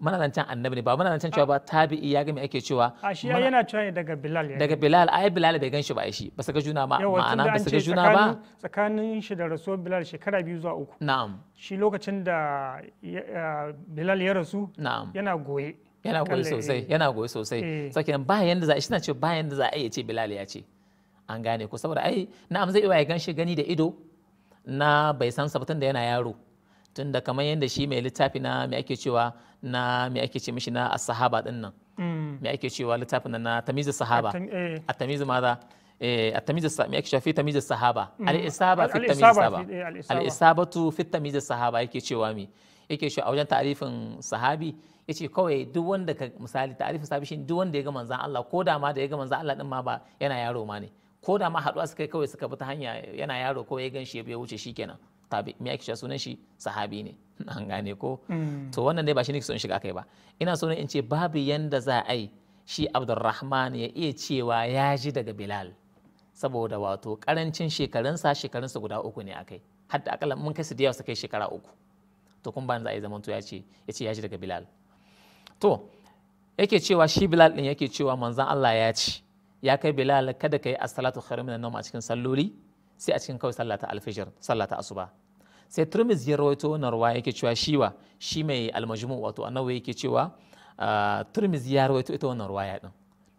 Mana nan can annabi ne ba muna nan can cewa ba tabi'i ya ga me ake cewa a shi yana cewa ne daga bilal ya daga bilal ai bilal bai ganshi ba shi ba saka juna ma ma'ana ba saka juna ba tsakanin shi da rasuwar bilal shekara biyu zuwa uku na'am shi lokacin da bilal ya rasu na'am yana goye yana goye sosai eh. yana goye sosai eh. sakin ba yanda za shi na ce ba yanda za a iya ce bilal ya ce an gane ko saboda ai na'am zai iya ganshi gani da ido na bai san sabatan da yana yaro tun da kamar yadda shi mai littafi na me ake cewa na me ake ce mishi na sahaba din nan mm. me ake cewa littafin na tamizu sahaba a eh. tamizu maza التمييز eh, ake يكشف في تمييز الصحابه الاصابه في التمييز الصحابه tu fi tamizu sahaba mm. eh, yake cewa me yake shi a wajen ta'arifin sahabi yace kawai duk wanda ka misali ta'arifin sahabi shi duk wanda ya ga manzon Allah ko da ma da ya ga manzon Allah din ma ba yana yaro ma ne ko da ma haɗuwa suka kawai suka bi ta hanya yana yaro ko ya gan shi ya wuce shikenan tabi me ake sunan shi sahabi ne <laughs> an gane ko mm. to wannan dai ba shi ne son shiga kai ba ina so in ce babu yanda za a yi shi Abdulrahman ya iya cewa ya ji daga Bilal saboda wato karancin shekarunsa shekarunsa guda uku ne akai har da akalla mun kai su da su kai shekara uku to kun ban za a yi zamanto ya ce ya ce ya ji daga Bilal to yake cewa shi Bilal din yake cewa manzon Allah ya ce ya kai Bilal kada ka yi as-salatu khairu minan a cikin salloli sai a cikin kawai sallah ta alfijir sallah ta asuba sai turmiz ya rawaito wannan ruwa yake cewa shiwa shi mai almajmu wato annabi yake cewa ah, turmiz ya rawaito ita wannan ruwaya din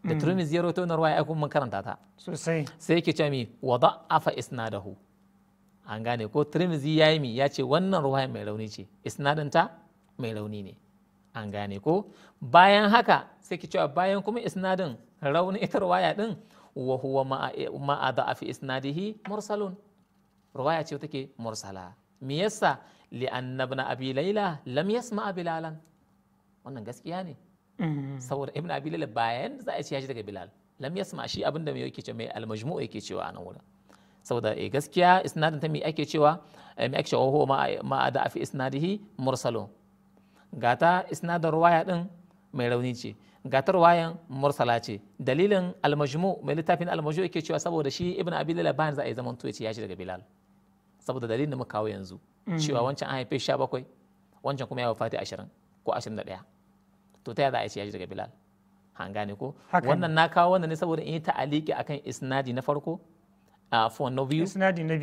da mm. turmiz ya rawaito wannan ruwa ya kuma karanta ta sosai sai yake cewa mi afa isnadahu an gane ko turmizi ya yi mi ya ce wannan ruwaya mai rauni ce ta mai rauni ne an gane ko bayan haka sai ke cewa bayan kuma isnadin raunin ita ruwaya din wa huwa ma'a da'afi isnadihi mursalun ruwaya ce take mursala me yasa li annabna abi laila lam yasma bilalan wannan gaskiya ne mm-hmm. saboda ibn laila bayan za a ce shi daga bilal lam yasma shi abinda mai yake ce mai almajmu yake cewa a nan wurin saboda eh, gaskiya isnadin ta mi ake cewa eh, mi ake cewa huwa ma'a da'afi isnadihi mursalun gata isnadin ruwaya din mai rauni ce ga tarwayan mursala ce dalilin almajmu mai littafin almajmu yake cewa saboda shi ibn abi laban za a yi zaman to ya ce daga bilal saboda dalilin da muka kawo yanzu mm. cewa wancan an haife sha bakwai wancan kuma ya wafati ashirin ko ashirin da ɗaya to ta yaya za a yi ya ce daga bilal an gane ko wannan na kawo wannan ne saboda in yi ta'aliki akan isnadi na farko a fon na biyu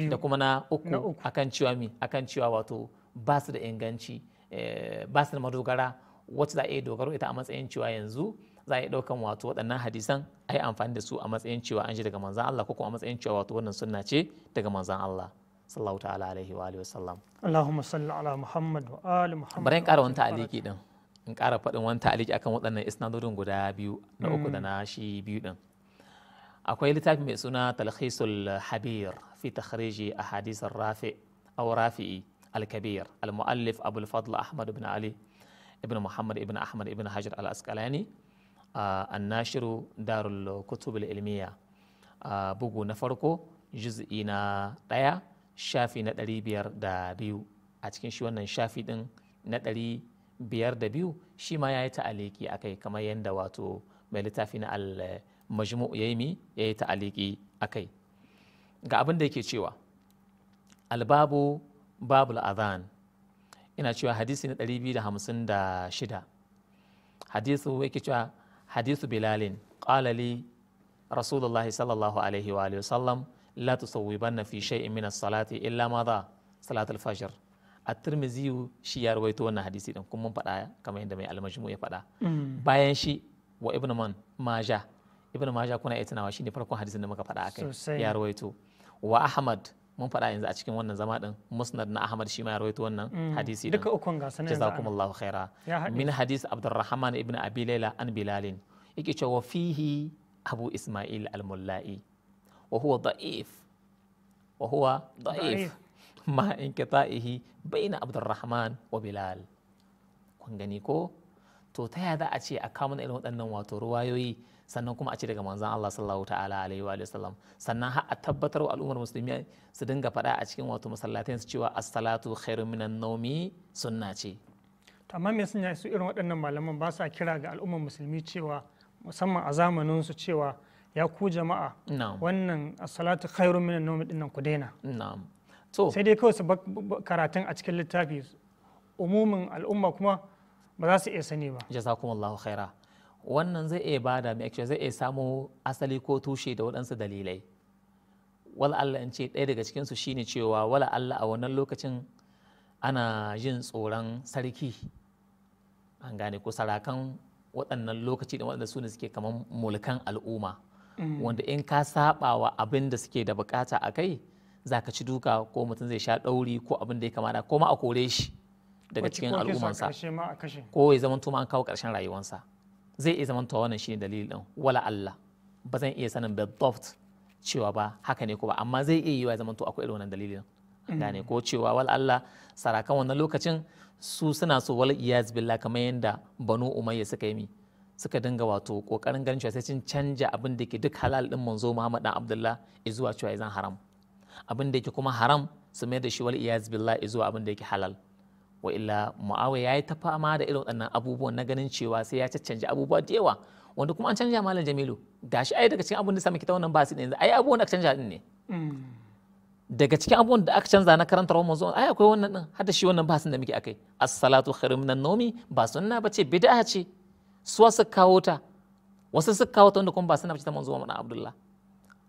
da kuma na uku akan cewa mi akan cewa wato ba su da inganci eh, ba su da madogara wacce za a iya dogaro ita a matsayin cewa yanzu za a iya ɗaukan wato waɗannan hadisan a yi amfani da su a matsayin cewa an ji daga manzan Allah ko kuma a matsayin cewa wato wannan sunna ce daga manzan Allah sallallahu ta'ala alaihi wa alihi wasallam Allahumma salli ala Muhammad wa ali Muhammad bari in ƙara wani ta'aliki din in ƙara faɗin wani ta'aliki akan waɗannan isnadodin guda biyu na uku mm. da na shi biyu din akwai littafi mai suna talhisul habir fi takhriji ahadith rafi aw rafi'i al-kabir al-muallif abul fadl ahmad bin ali ibn muhammad ibn ahmad ibn hajar al-asqalani annashiru darul kutubul ilmiya bugu na farko juz'i na ɗaya shafi na ɗari biyar da biyu a cikin shi wannan shafi ɗin na ɗari biyar da biyu shi ma ya yi ta'aliki a kai kamar yadda wato mai littafi na al-majmu ya yi ta'aliki a kai ga abin da yake cewa albabu babul adhan ina cewa hadisi na 256 hadisu yake cewa hadisu bilalin ƙalali rasulullah sallallahu alaihi wa alihi wasallam la tusawwibanna fi shay'in min as-salati illa ma dha salat al-fajr at-tirmidhi shi ya rawaito wannan hadisi din kuma mun faɗa kamar yadda mai al-majmu ya faɗa mm. bayan shi wa ibnu man maja ibnu maja kuna iya tunawa shine farkon hadisin da muka faɗa akai ya rawaito wa ahmad mun faɗa yanzu a cikin wannan zama ɗin musnad na ahmad shi ma ya rawaito wannan mm. hadisi duka ukun ga sanan jazakumullahu khaira min hadis abdurrahman ibn abi an bilalin yake cewa fihi abu isma'il al-mullai wa huwa da'if wa huwa da'if ma baina abdurrahman wa bilal kun gani ko to ta ya za a ce a kawo mana irin waɗannan wato ruwayoyi sannan kuma a ce daga manzon Allah sallallahu ta'ala alaihi wa sallam sannan har a tabbatar wa al'ummar musulmi su dinga faɗa a cikin wato masallatai su cewa as-salatu khairu minan nawmi sunna ce to amma me sun su irin waɗannan malaman ba sa kira ga al'ummar musulmi cewa musamman a zamanin su cewa ya ku jama'a wannan as-salatu khairu minan nawmi nan ku daina na'am to sai dai kawai su karatun a cikin littafi umumin al'umma kuma ba za su iya sani ba jazakumullahu khaira wannan zai iya ba da mai zai iya samo asali ko tushe da waɗansu dalilai wala Allah in ce ɗaya daga cikinsu shine cewa wala Allah a wannan lokacin ana yin tsoron sarki an gane ko sarakan waɗannan lokaci da waɗanda su ne suke kamar mulkan al'umma mm. wanda in ka saba wa abin da suke da bukata a kai za ka ci duka ko mutum zai sha ɗauri ko abin da ya kamata ko ma a kore shi daga cikin al'ummansa ko ya zama tuma an kawo ƙarshen rayuwarsa zai iya zamantawa wannan shine dalilin din wala Allah ba zan iya sanin bidabt cewa ba haka ne ko ba amma zai iya yiwa to akwai irin wannan dalilin mm. gane ko cewa wala Allah sarakan wannan lokacin su suna so wala iyaz billah kamar yanda banu umayya suka yi mi suka dinga wato kokarin ganin cewa sai sun canja abin da ke duk halal din manzo Muhammad dan Abdullah zuwa cewa zan haram abin da yake kuma haram su mai da shi wala iyaz billah zuwa abin da yake halal wa illa muawiya yi ta fama da irin waɗannan abubuwan na ganin cewa sai ya caccanje abubuwa da yawa wanda kuma an canja malam jamilu gashi ai daga cikin abun da sami kita wannan ba su ne ai abubuwan da aka canja din ne mm. daga cikin abubuwan da aka canza na karanta wa manzo ai akwai wannan din har shi wannan basin da muke akai as-salatu khairum minan nawmi ba sunna bace bid'a ce su wasu kawo ta wasu su kawo ta wanda kuma ba sunna bace ta manzo Muhammad Abdullah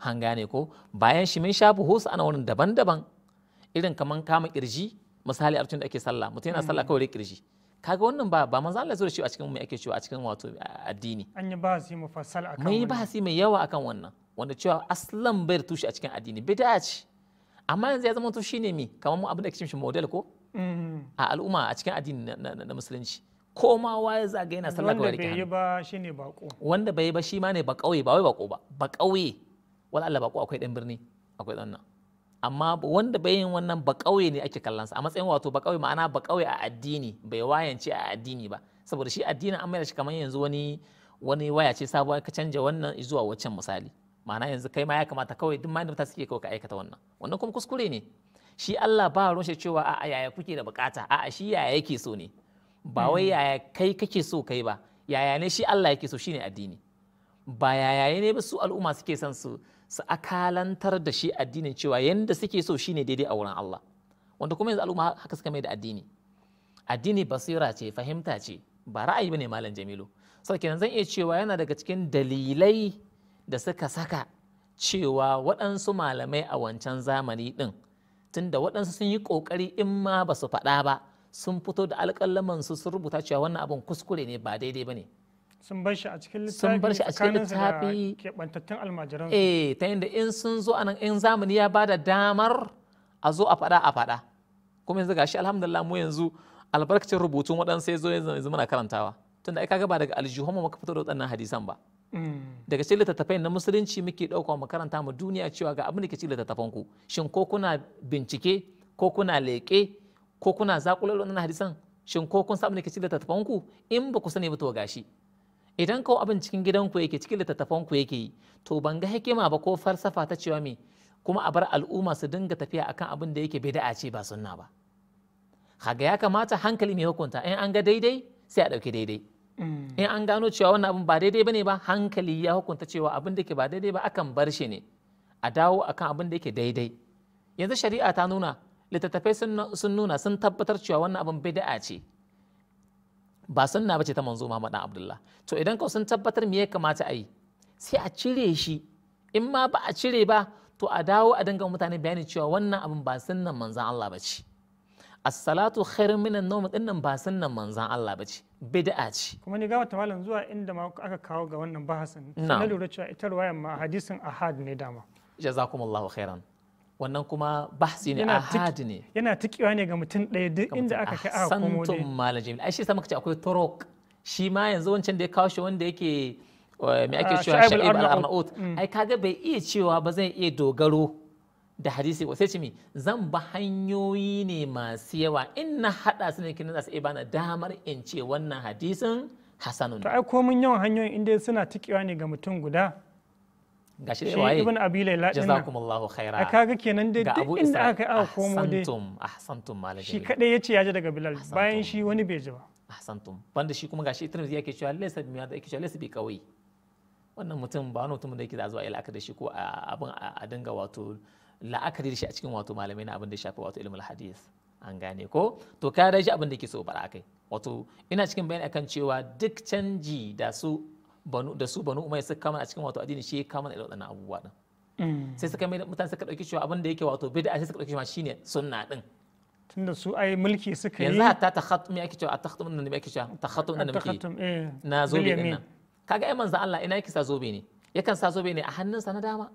Hanga ne ko bayan shi min shafu hosu ana wurin daban-daban irin kaman kama kirji misali a da ake sallah mutum yana sallah mm. kawai kirji kaga wannan ba ba manzo Allah zuwa shi a cikin mu ake cewa a cikin wato addini an yi bahasi mufassal akan mai bahasi mai yawa akan wannan wanda cewa aslan bai tushe a cikin addini bid'a ce amma yanzu ya zama to shine mi kamar mu abin da kake shi model ko mm. a al'umma a cikin addini na musulunci ko ma waye zaga yana sallah kawai wanda bai yi ba shine bako wanda bai yi ba shi ma ne ba kauye ba wai bako ba ba kauye wala Allah bako akwai dan birni akwai dan nan amma wanda bai yin wannan ba kauye ne ake kallonsa a matsayin wato ba kauye ma'ana ba kauye a addini bai wayance a addini ba saboda shi addinin an mai shi kamar yanzu wani wani waya ce sabuwa ka canja wannan zuwa waccan misali ma'ana yanzu kai ma ya kamata kawai duk ma ta suke kawai ka aikata wannan wannan kuma kuskure ne shi Allah ba ruwan shi cewa a yaya kuke da bukata a shi yaya yake so ne ba wai hmm. yaya kai kake so kai ba yaya ne shi Allah yake so shine addini ba yaya ne ba su al'umma suke son su su akalantar da shi addinin cewa yadda suke so shi ne daidai a wurin Allah wanda kuma yanzu al'umma haka suka mai da addini addini basira ce fahimta ce ba ra'ayi bane malam Jamilu sauke kenan zan iya cewa yana daga cikin dalilai da suka saka cewa waɗansu malamai a wancan zamani ɗin tunda waɗansu sun yi ƙoƙari in ma ba su faɗa ba sun fito da alƙalaman su sun rubuta cewa wannan abun kuskure ne ba daidai ba ne sun bar shi a cikin littafi sun bar shi a cikin littafi keɓantattun almajiran eh ta yadda in sun zo anan in zamani ya bada damar a zo a faɗa a faɗa kuma yanzu gashi alhamdulillah mu yanzu albarkacin rubutun waɗansu ya zo yanzu muna karantawa tunda ai kaga ba daga aljihun mu muka fito da waɗannan hadisan ba mm. daga cikin littattafai na musulunci muke ɗauka mu karanta mu duniya cewa ga abin da ke cikin littattafan ku shin ko kuna bincike ko kuna leƙe ko kuna zakular wannan hadisan shin ko kun sa abin da ke cikin littattafan ku in ba ku sani ba to gashi idan ko abin cikin gidanku yake cikin littattafanku yake yi to ban ga hikima ba ko falsafa ta cewa me kuma a bar al'umma su dinga tafiya akan abin da yake bida'a ce ba sunna ba haga ya kamata hankali mai hukunta in an ga daidai sai a ɗauki daidai mm. in an gano cewa wannan abin ba daidai bane ba hankali ya hukunta cewa abin da ke ba daidai ba akan bar shi ne a dawo akan abin da yake daidai yanzu shari'a ta nuna littattafai sun nuna sun tabbatar cewa wannan abin bida'a ce ba sunna bace ta manzo Muhammad dan Abdullah to idan ka sun tabbatar me ya kamata a yi sai a cire shi in ma ba a cire ba to a dawo a dinga mutane bayani cewa wannan abin ba sunnan manzan Allah bace as-salatu khairun minan nawm dinnan ba sunnan manzan Allah bace bid'a ce kuma ni ga wata malam zuwa inda ma aka kawo ga wannan bahasin na lura cewa ita ruwayan ma hadisin ahad ne dama jazakumullahu khairan wannan kuma bahsi ne ahad ne yana tikiwa ne ga mutum ɗaya duk inda aka kai aka komo dai santum malam jamil ai shi sa muka ce akwai torok shi ma yanzu wancan da ya kawo shi wanda yake eh, me ake ah, cewa sha'ib al-arnaut mm. ai kaga bai iya cewa ba zan iya dogaro da hadisi ba sai ce mi zan ba hanyoyi ne masu yawa in na hada su ne kinan zasu ibana damar in ce wannan hadisin hasanun to ai komun yawan hanyoyin inda suna tikiwa ne ga mutum guda gashi da waye ibn abi laila jazakumullahu khaira kaga kenan dai duk inda aka aka komo dai ahsantum ahsantum malam shi kadai yace ya daga bilal bayan shi wani bai ji ba ahsantum banda shi kuma gashi tirmidhi yake cewa laysa bi yake cewa laysa bi kawai wannan mutum ba wani mutum da yake da zuwa ilaka da shi ko abin a dinga wato la'akari da shi a cikin wato malamai na abin da shafi wato ilmul hadis an gane ko to ka da shi abin da yake so bara kai wato ina cikin bayani akan cewa duk canji da su Banu da su banu umayya suka kama a cikin wato addini shi ya kama da waɗannan abubuwa din mm. sai suka mai mutane suka dauki cewa abin da yake wato bid'a sai suka dauki cewa shine sunna din tunda su ai mulki suka yi yanzu hatta khatum ya cewa a khatum nan ne cewa cewa khatum nan ne muke eh, na zobe din nan kaga ai manzo Allah ina yake sa zobe ne yakan sa zobe ne a hannunsa na dama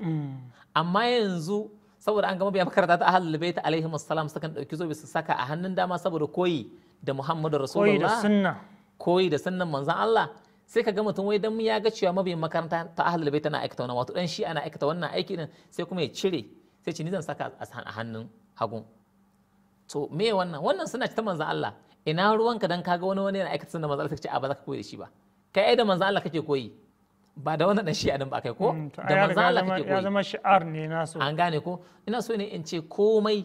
mm. amma yanzu saboda an gama biya makaranta ta ahlul bait alaihi assalam sukan dauki zobe su saka a hannun dama saboda koyi da Muhammadu Rasulullah koyi da sunna koyi da sunnan manzon Allah sai ka ga mutum wai dan ya ga cewa mabiyin makaranta ta ahlul bait tana aikata wannan wato dan shi ana aikata wannan aiki din sai kuma ya cire sai ci ni zan saka a hannun hagu to me wannan wannan suna ta manzon Allah ina ruwanka dan kaga wani wani yana aikata sunna manzon Allah sai ce a ba za ka koyi shi ba kai ai da manzon Allah kake koyi ba da wannan dan shi din ba kai ko mm, da manzon Allah kake koyi ya zama shi'ar ne na so an gane ko ina so ne in ce komai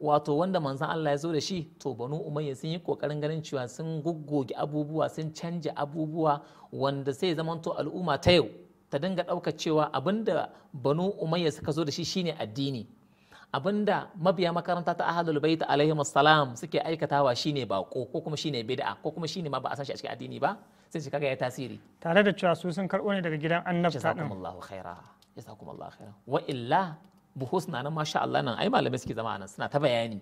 wato wanda manzan Allah ya zo da shi to banu umayya sun yi kokarin ganin cewa sun guggoge abubuwa sun canja abubuwa wanda sai zamanto al'umma ta yau ta dinga ɗaukar cewa abinda banu umayya suka zo da shi shine addini abinda mabiya makaranta ta ahlul bait alaihi salam suke aikatawa shine bako ko kuma shine bid'a ko kuma shine ma ba a san shi a cikin addini ba sai shi kaga ya tasiri tare da cewa su sun karɓo ne daga gidan annabta sallallahu alaihi khaira sallam wa illa buhus na nan masha Allah nan ai malamai suke zama nan suna ta bayani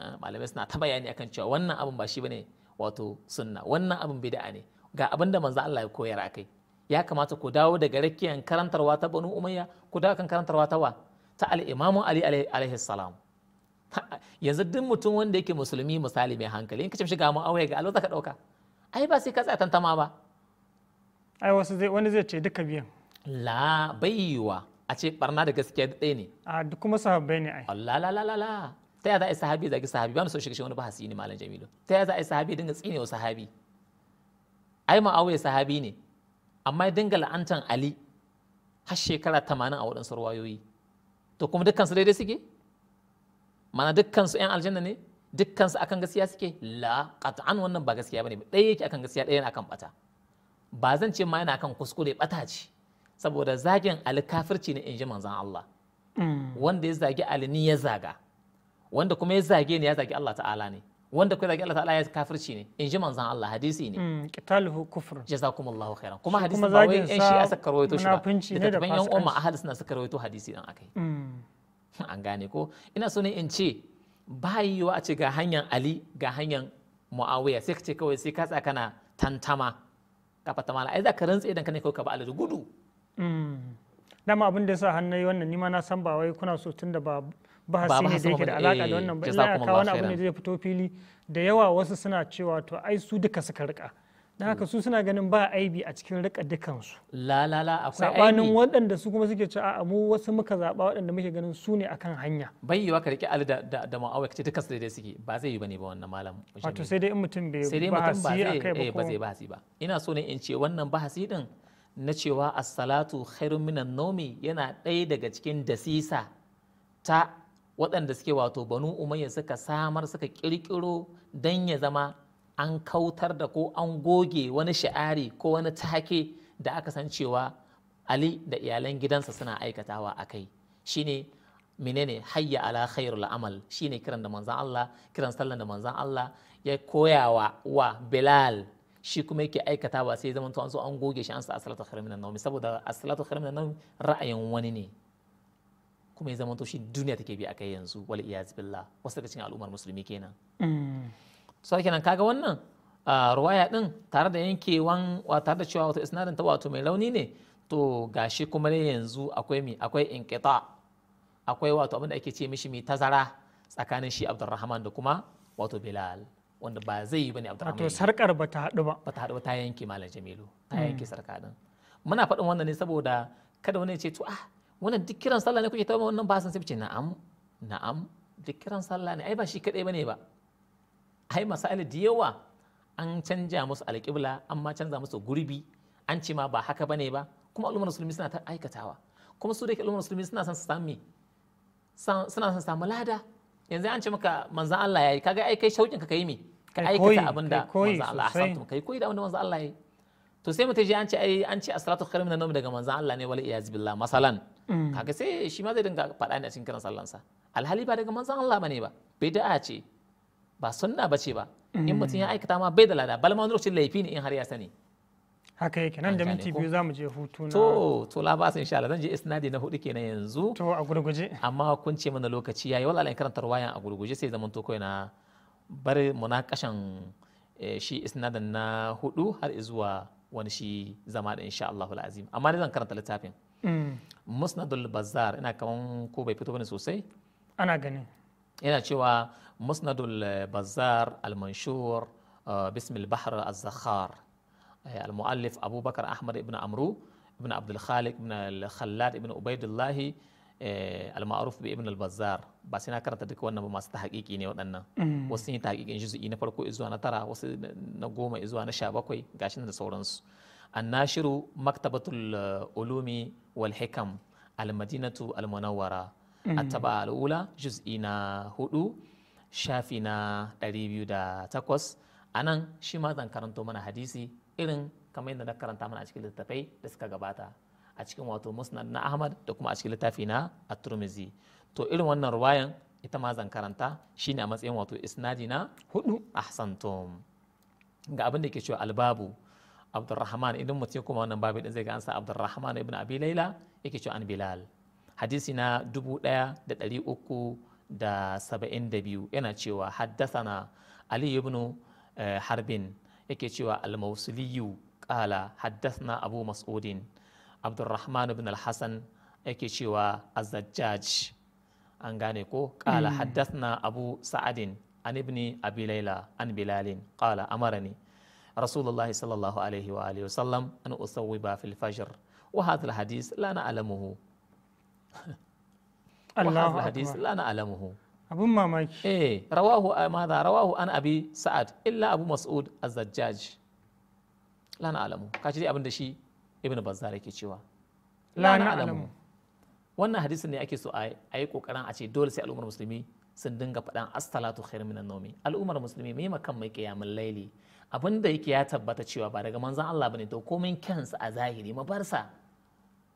ah, malamai suna ta bayani akan cewa wannan abin ba shi bane wato sunna wannan abin bid'a ne ga abin da manzo Allah ya koyar akai ya kamata ku dawo daga rakiyan karantarwa ta Banu Umayya ku dawo kan karantarwa ta wa ta al-Imam Ali alaihi salam yanzu duk mutum wanda yake musulmi misali mai hankali in ka ce ga mu aure ga Allah zaka dauka ai ba sai ka tsaya tantama ba ai wasu zai wani zai ce duka biyan la baiwa a ce barna da gaskiya duk ɗaya ne a duk kuma sahabbai ne ai Allah oh, la la la la ta yaya za a yi sahabi zagi sahabi ba mu so shiga wani bahasi ne malam Jamilu ta yaya za a yi sahabi dinga tsinewa sahabi ai awaye sahabi ne amma ya dinga la'antan Ali har shekara tamanin a waɗansu ruwayoyi to kuma dukkansu daidai suke mana dukkansu 'yan aljanna ne dukkansu akan gaskiya suke la qat'an wannan ba gaskiya bane ɗaya yake akan gaskiya ɗaya akan bata ba zan ce ma yana akan kuskure bata ce saboda zagin ali kafirci ne in ji manzan Allah mm. wanda ya zagi ali ni ya zaga wanda kuma ya zage ne ya zagi Allah ta'ala ne wanda kuma ya zagi Allah ta'ala ya kafirci ne in ji manzan Allah hadisi ne mm, qitaluhu kufr jazakumullahu khairan kuma hadisi ba wai in shi aka karwaito shi ba da taban yan umma ahad suna suka rawaito hadisi dan akai mm. <laughs> an gane ko ina so ne in ce ba yiwa a ce ga hanyar ali ga hanyar muawiya sai ka ce kawai sai ka tsaka kana tantama kafa tamala ai za ka rantse idan ka ne kawai ka ba ali gudu Mm. dama abin da sa hannayi wannan nima na san ba wai kuna so tun da ba bahasi ne da yake da alaka da eh, wannan ba ina kawo wani abin da zai fito fili da yawa wasu suna cewa to ai su duka suka rika da haka su suna ganin ba aibi a cikin rika dukansu la akwai aibi sabanin waɗanda su kuma suke cewa a mu wasu muka zaɓa waɗanda muke ganin su ne akan hanya bai yiwa ka rike ali da da, da ma'awa kace duka su dai suke ba zai yi bane ba wannan malam wato sai dai in mutum bai ba akai ba eh, ba zai ba ina so ne in ce wannan bahasi din na cewa asalatu salatu khairun minan nomi yana ɗaya daga cikin dasisa ta waɗanda suke wato banu umayya suka samar suka ƙirƙiro don ya zama an kautar da ko an goge wani sha'ari ko wani take da aka san cewa ali da iyalan gidansa suna aikatawa a kai shine menene hayya ala khairul amal shine kiran da manzan Allah kiran sallan da manzan Allah ya koyawa wa Bilal shi kuma yake aikata ba sai zaman an zo an goge shi an sa asalatu khairu minan saboda asalatu khairu minan ra'ayin wani ne kuma ya zama to shi duniya take bi a akai yanzu wal iyaz billah wasu daga cikin al'ummar musulmi kenan mm. so kenan kaga wannan ruwaya din tare da yankewan tare da cewa wato isnadin ta wato mai launi ne to gashi kuma ne yanzu akwai mi akwai inqita akwai wato abin da ake ce mishi mi tazara tsakanin shi Abdulrahman da kuma wato Bilal wanda ba zai yi bane Abdurrahman wato sarkar ba ta haɗu ba ba ta haɗu ba ta yanke malam Jamilu ta hmm. yanke sarka din muna faɗin wannan ne saboda kada wani ya ce to ah wannan duk kiran sallah ne kuke ta wannan ba san sai ce na'am na'am duk kiran sallah ne ai ba shi kadai bane ba ai masali da yawa an canja musu alƙibla an ma canza musu gurbi an ce ma ba haka bane ba kuma al'ummar musulmi suna ta aikatawa kuma su da al'ummar musulmi suna son su sami suna son samu lada yanzu an ce maka manzan Allah ya yi kaga ai kai shauƙin ka kai mi ka aikata abin da manzan Allah ahsantum kai koyi da abin da manzan Allah ya yi to sai mutaje an ce ai an ce as-salatu khairu nawm daga manzan Allah ne wala iyaz billah masalan mm. kaga sai shi ma zai dinga faɗa ne a cikin kiran sallansa alhali ba daga manzan Allah bane ba bid'a ce ba sunna bace ba in mm. mutum ya aikata ma bai da lada bal ma lokacin laifi ne in har ya sani haka yake nan da minti biyu za mu je hutu na to to labasin insha Allah zan je isnadi na hudu kenan yanzu to a gurguje amma kun ce mana lokaci yayi wallahi karantar wayan a gurguje sai zaman to kai na bar munakashan eh, shi isnadin na hudu har zuwa wani shi zama da insha Allah azim amma ne zan karanta littafin mm. musnadul bazar ina kaman ko bai fito bane sosai ana ganin yana cewa musnadul bazar al-manshur eh, bismil bahr az-zakhar Eh, al abubakar ahmad ibn amru ibn abdul khalik ibn al ibn ubaidullahi eh, al-ma'ruf bi ibn al-bazzar ba sai na karanta duk wannan ba masu tahqiqi ne waɗannan mm. wasu sun yi tahqiqin juz'i na farko zuwa na tara wasu na goma zuwa na sha bakwai gashin da sauransu annashiru maktabatul eh, ulumi wal hikam al-madinatu al-munawwara mm. attaba al-ula juz'i na hudu shafi na 208 anan shi ma zan karanto mana hadisi irin kamar yadda na karanta mana a cikin littattafai da suka gabata a cikin wato musnad na ahmad da kuma a cikin littafi na at-turmizi to irin wannan ruwayan ita ma zan karanta shine a matsayin wato isnadi na hudu ahsantum ga abin da ke cewa albabu abdurrahman idan mutum kuma wannan babu din zai ga ansa abdurrahman ibn abi laila yake cewa an bilal hadisi na biyu yana cewa haddasa na ali ibn eh, harbin yake cewa al kala qala haddathna abu mas'udin abdurrahman ibn al-hasan yake cewa az an gane ko qala mm. haddathna abu sa'adin an ibni abi laila an bilalin kala amarani rasulullahi sallallahu alaihi wa alihi wasallam an usawwiba fil fajr wa hadha al-hadith la na'lamuhu Allahu hadith la na'lamuhu <laughs> abin mamaki eh rawahu amada eh, rawahu an abi sa'ad illa abu mas'ud az-zajjaj la alamu kace dai abin da shi ibnu bazzar yake cewa la alamu wannan hadisin ne ake so a yi kokarin a ce dole sai al'ummar musulmi sun dinga faɗan astalatu khair minan nomi al'ummar musulmi mai makan mai kiyamin laili abin da yake ya tabbata cewa ba daga manzon Allah bane to komai kansa a zahiri mabarsa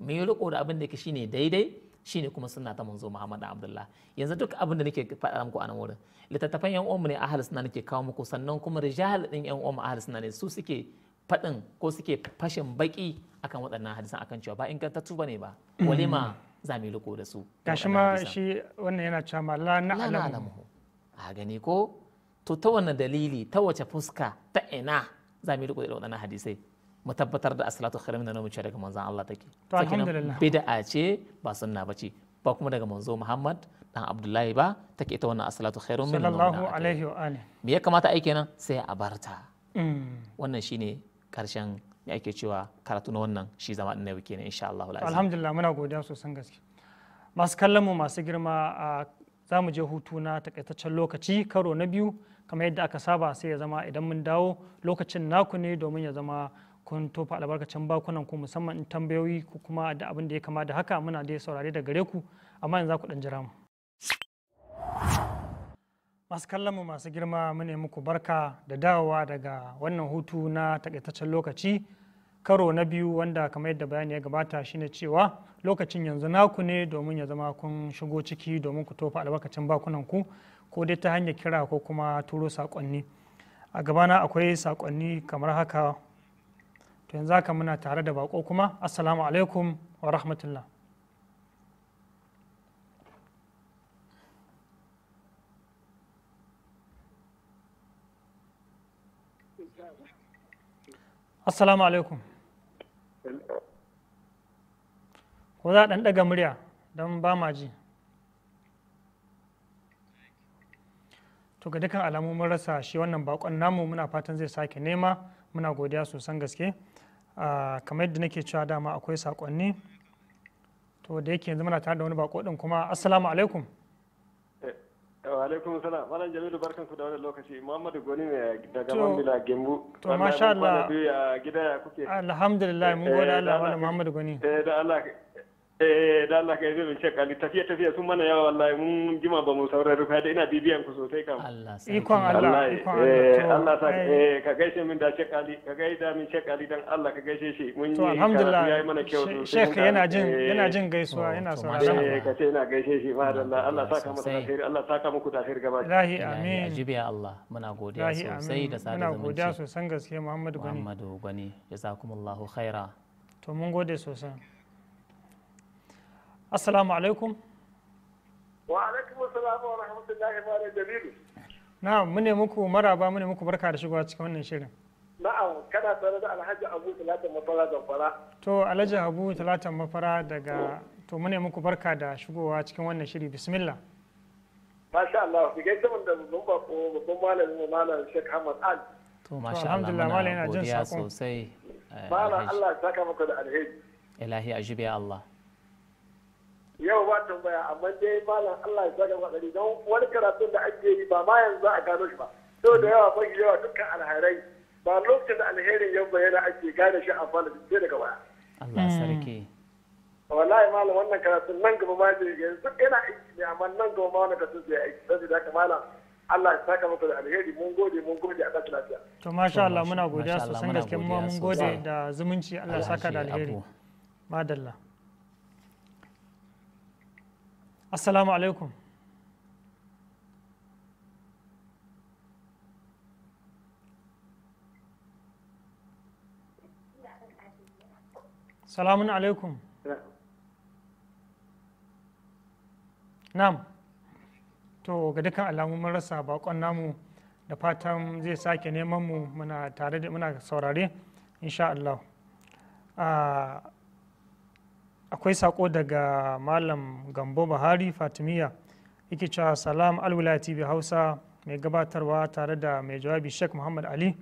mai riko da abin da yake shine daidai shine kuma sunna ta manzo Muhammad Abdullah yanzu duk abin da nake faɗa muku a nan wurin littattafan yan uwanmu ne ahlus sunna nake kawo muku sannan kuma rijal din yan uwanmu ahlus sunna ne su suke faɗin ko suke fashin baki akan waɗannan hadisan akan cewa ba ingantattu bane ba mm. walima za mu da su gashi ma shi wannan yana cewa la na'lamu a gani ko to ta wannan dalili ta wace fuska ta ina za mu da waɗannan hadisai mu tabbatar da asalatu khairun minan ce daga manzon Allah take to alhamdulillah bid'a ce ba sunna bace ba kuma daga manzo Muhammad dan Abdullahi ba take ita wannan asalatu khairu min sallallahu alaihi wa alihi me ya kamata ai kenan sai a barta mm. wannan shine karshen me ake cewa karatu na wannan shi zama din nayi ne insha Allah alhamdulillah muna godiya sosan gaske masu kallon mu masu girma za mu je hutu na takaitaccen lokaci karo na biyu kamar yadda aka saba sai ya zama idan mun dawo lokacin naku ne domin ya zama kun tofa albarkacin bakunan ku musamman in tambayoyi ko kuma da abin da ya kama da haka muna da saurare da gare ku amma yanzu ku dan jira mu masu kallon mu masu girma mu muku barka da dawowa daga wannan hutu na takaitaccen lokaci karo na biyu wanda kamar yadda bayani ya gabata shine cewa lokacin yanzu naku ne domin ya zama kun shigo ciki domin ku tofa albarkacin bakunan ku ko dai ta hanyar kira ko kuma turo saƙonni a gabana akwai saƙonni kamar haka to yanzu haka muna tare da bako kuma assalamu alaikum wa rahmatullah assalamu alaikum ko za ɗan ɗaga murya don ba ma ji to ga dukkan alamu mun rasa shi wannan bakon namu muna fatan zai sake nema muna godiya sosan gaske kamar yadda nake cewa dama akwai sakonni to da yake yanzu muna tare da wani bako din kuma assalamu alaikum eh, wa alaikum salam malam jamilu barkan ku da wannan lokaci muhammadu goni ne daga mambila gembu to masha Allah ya gida ya kuke alhamdulillah mun gode eh, Allah wannan muhammadu goni eh da Allah eh da Allah ka yi zai shek Ali tafiya tafiya sun mana yawa wallahi mun jima ba mu saurari rufa da ina bibiyan ku sosai kam ikon Allah ikon Allah eh, Allah ta eh. eh ka gaishe min da shek Ali ka gaida min shek Ali dan Allah ka gaishe shi mun yi alhamdulillah yayi mana kyau sosai shek yana jin eh. yana jin gaisuwa oh, yana saurara eh ka ce ina gaishe shi ma da Allah saka masa alheri Allah saka muku da alheri gaba lahi amin ajibi ya Allah muna godiya sosai da sada zumunci muna godiya sosai gaske Muhammadu Gwani Muhammadu gani jazakumullahu khaira to mun gode sosai assalamu alaikum wa alaikum assalamu wa rahmatullahi wa jamilu na'am mune muku maraba mune muku barka da shigowa cikin wannan shirin na'am kana tare da alhaji abu talatan mafara zamfara to alhaji abu talatan mafara daga to mune muku barka da shigowa cikin wannan shiri bismillah masha Allah ku gaisa mun da mun ba ko babban malamin mu malam Sheikh Ahmad Al to masha Allah jin sakon sosai eh, Allah ya saka da ilahi Allah yau ba tambaya amma dai malam Allah ya saka maka don wani karatun da ake yi ba ma yanzu a gano shi ba to da yawa mafi yawa dukkan alherai ba lokacin da alherin ya bayyana ake gane shi a fara sai daga baya. Allah sarki. Hmm. wallahi malam wannan karatun nan gaba ma zai yanzu ina aiki ne amma nan gaba ma wannan karatun zai aiki saboda haka malam Allah ya saka maka da alheri mun gode mun gode a ƙasa lafiya. To masha Allah muna godiya sosai gaskiya mun gode da zumunci Allah ya saka da alheri. Madalla. assalamu alaikum salamun alaikum nam to ga dukkan alamu mun rasa bakon namu da fatan zai sake neman mu muna tare da muna saurare insha Allah ah, akwai sako daga malam gambo buhari fatimiya yake cewa salam alwilaya tv hausa mai gabatarwa tare da mai jawabi sheikh muhammad ali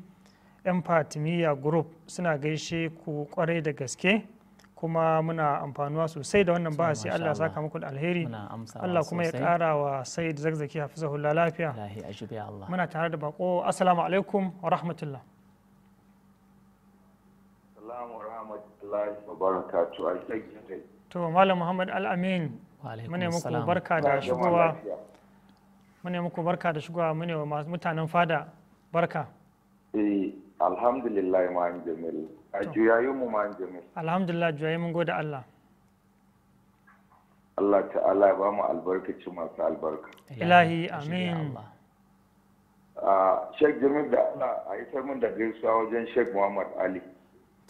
yan fatimiya group suna gaishe ku kwarai da gaske kuma muna amfanuwa sosai da wannan bahasi Allah saka muku da alheri Allah kuma ya kara wa Said hafiza hafizahullah lafiya muna tare da bako assalamu alaikum wa rahmatullah rahmatullahi wa barakatu a gidan to malam muhammad al-amin mune muku barka da shigowa mune muku barka da shigowa mune wa mutanen fada barka eh alhamdulillah ma'an jamil a juyayi mu ma'an jamil alhamdulillah juyayi mun gode Allah Allah ta'ala ya ba mu albarkaci masu albarka ilahi amin ah, Sheikh Jamil da Allah a isar min da gaisuwa wajen Sheikh Muhammad Ali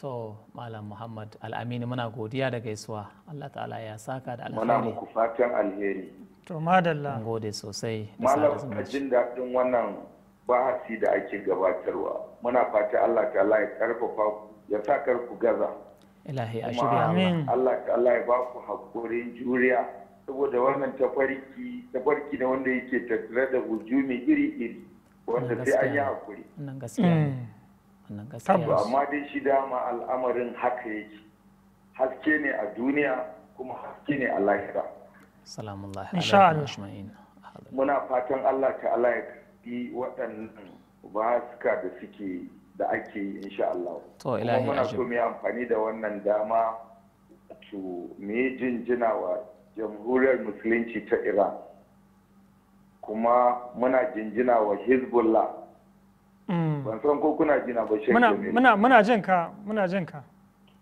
to malam muhammad al'amini muna godiya da gaisuwa allah ta'ala ya saka da alheri muna muku fatan alheri to madalla mun gode sosai malam ka jin daɗin wannan bahasi da ake gabatarwa muna fata allah ta'ala ya karfafa ya sa ku gaza ilahi a shirya amin allah ta'ala ya ba ku haƙurin juriya saboda wannan tafarki tafarki na wanda yake tattare da hujumi iri iri wanda sai an yi haƙuri Tabba amma dai shi dama al'amarin haka yake. Haske ne a duniya kuma haske ne a lahira. Muna fatan Allah ta'ala ya bi waɗannan bahaska da suke da ake yi insha Allah. Kuma muna so mu yi amfani da wannan dama to mu jinjina wa jamhuriyar musulunci ta Iran. Kuma muna jinjina wa Hezbollah Mm. ban san ko kuna jina ba shi muna jin ka muna jin ka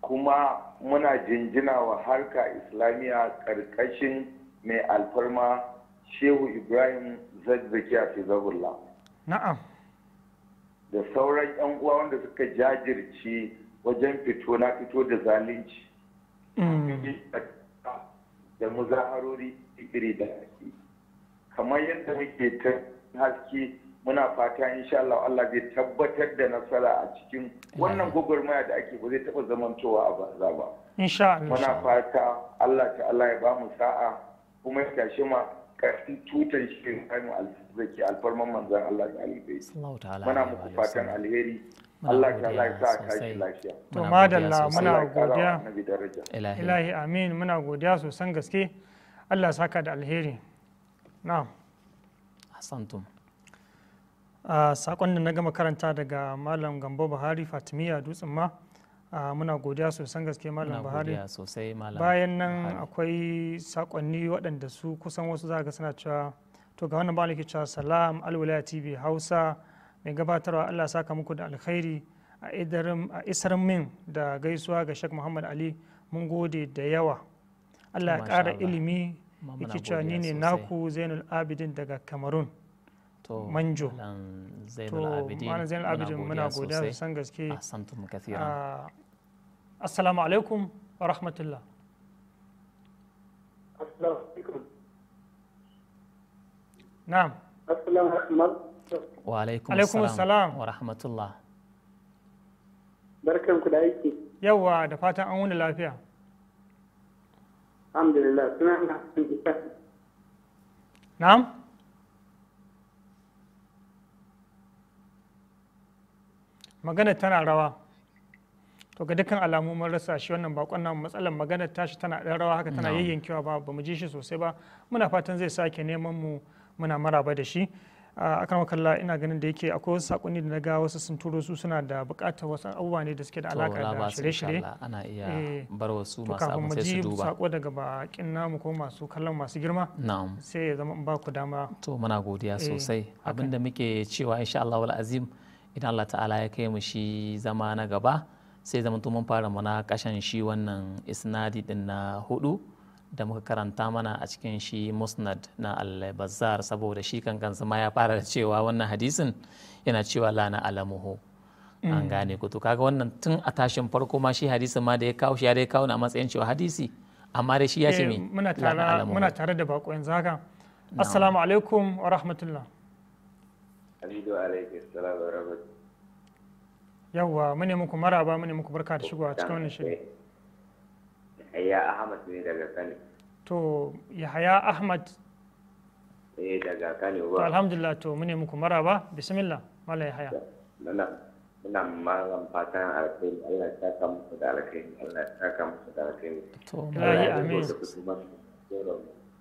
kuma muna jinjina wa harka islamiyya karkashin mai alfarma shehu ibrahim zazzaki a fizabullah na'am da sauran yan uwa wanda suka jajirci wajen fito na fito da zalunci mm. da muzaharori iri da kamar yadda muke ta haske muna fata insha Allah Allah zai tabbatar da nasara a cikin wannan gwagwarmaya da ake ba zai taba zamantowa a banza ba insha Allah muna fata Allah Allah ya ba mu sa'a kuma ya tashi ma karfin tutar shi kanu alzaki alfarman manzan Allah da alibai muna muku fatan alheri Allah ta Allah sa ka lafiya to madalla muna godiya ilahi amin muna godiya sosan gaske Allah saka da alheri na'am ahsantum a sakon da na gama karanta daga malam gambo buhari fatimiyya dutsen ma muna godiya sosan gaske malam buhari bayan nan akwai sakonni waɗanda su kusan wasu za ga suna cewa to ga wannan ba cewa salam alwala tv hausa mai gabatarwa allah saka muku da alkhairi a isar min da gaisuwa ga shek muhammad ali mun gode da yawa allah ya ƙara ilimi yake ni ne naku zainul abidin daga cameroon manjo to malam zainul abidin muna godiya san gaske ah, assalamu alaikum wa rahmatullah na'am wa alaikum assalam wa rahmatullah barkanku da aiki yawa da fatan an wuni lafiya alhamdulillah suna na'am magana tana rawa to ga dukkan alamu mun rasa shi wannan bakon namu matsalar magana tashi tana dan rawa haka tana yayyankewa ba ba mu ji shi sosai ba muna fatan zai sake neman mu muna maraba da shi akan kalla ina ganin da yake akwai wasu sakonni da na ga wasu sun turo su suna da bukatar wasu abubuwa ne da suke da alaka da shirye-shirye ana iya eh, bar wasu masu abun sai su duba sako daga bakin namu ko masu kallon masu girma na'am sai ya zama in ba ku dama to muna godiya eh, sosai abinda muke cewa insha Allah azim idan Allah ta'ala ya kai mu shi zama na gaba sai zama mun fara mana kashan shi wannan isnadi din na hudu da muka karanta mana a cikin shi musnad na al-bazzar saboda shi kan kansa ma ya fara cewa wannan hadisin yana cewa la na alamuhu an mm. gane ku to kaga wannan tun a tashin farko ma shi hadisin ma da ya kawo shi ya dai kawo na matsayin cewa hadisi amma dai shi ya ce eh, me muna tare da bako yanzu haka assalamu alaikum wa rahmatullah Hamidu alaihi salam wa Yawwa mune muku maraba mune muku barka da shigowa cikin wannan shiri. Yahaya Ahmad ne daga Kano. To Yahaya Ahmad. Eh daga Kano ba. Alhamdulillah to mune muku maraba bismillah mala Yahaya. Nana muna malam fatan alkhairi Allah ya saka muku da alkhairi Allah ya saka muku da alkhairi. To Allah ya amin.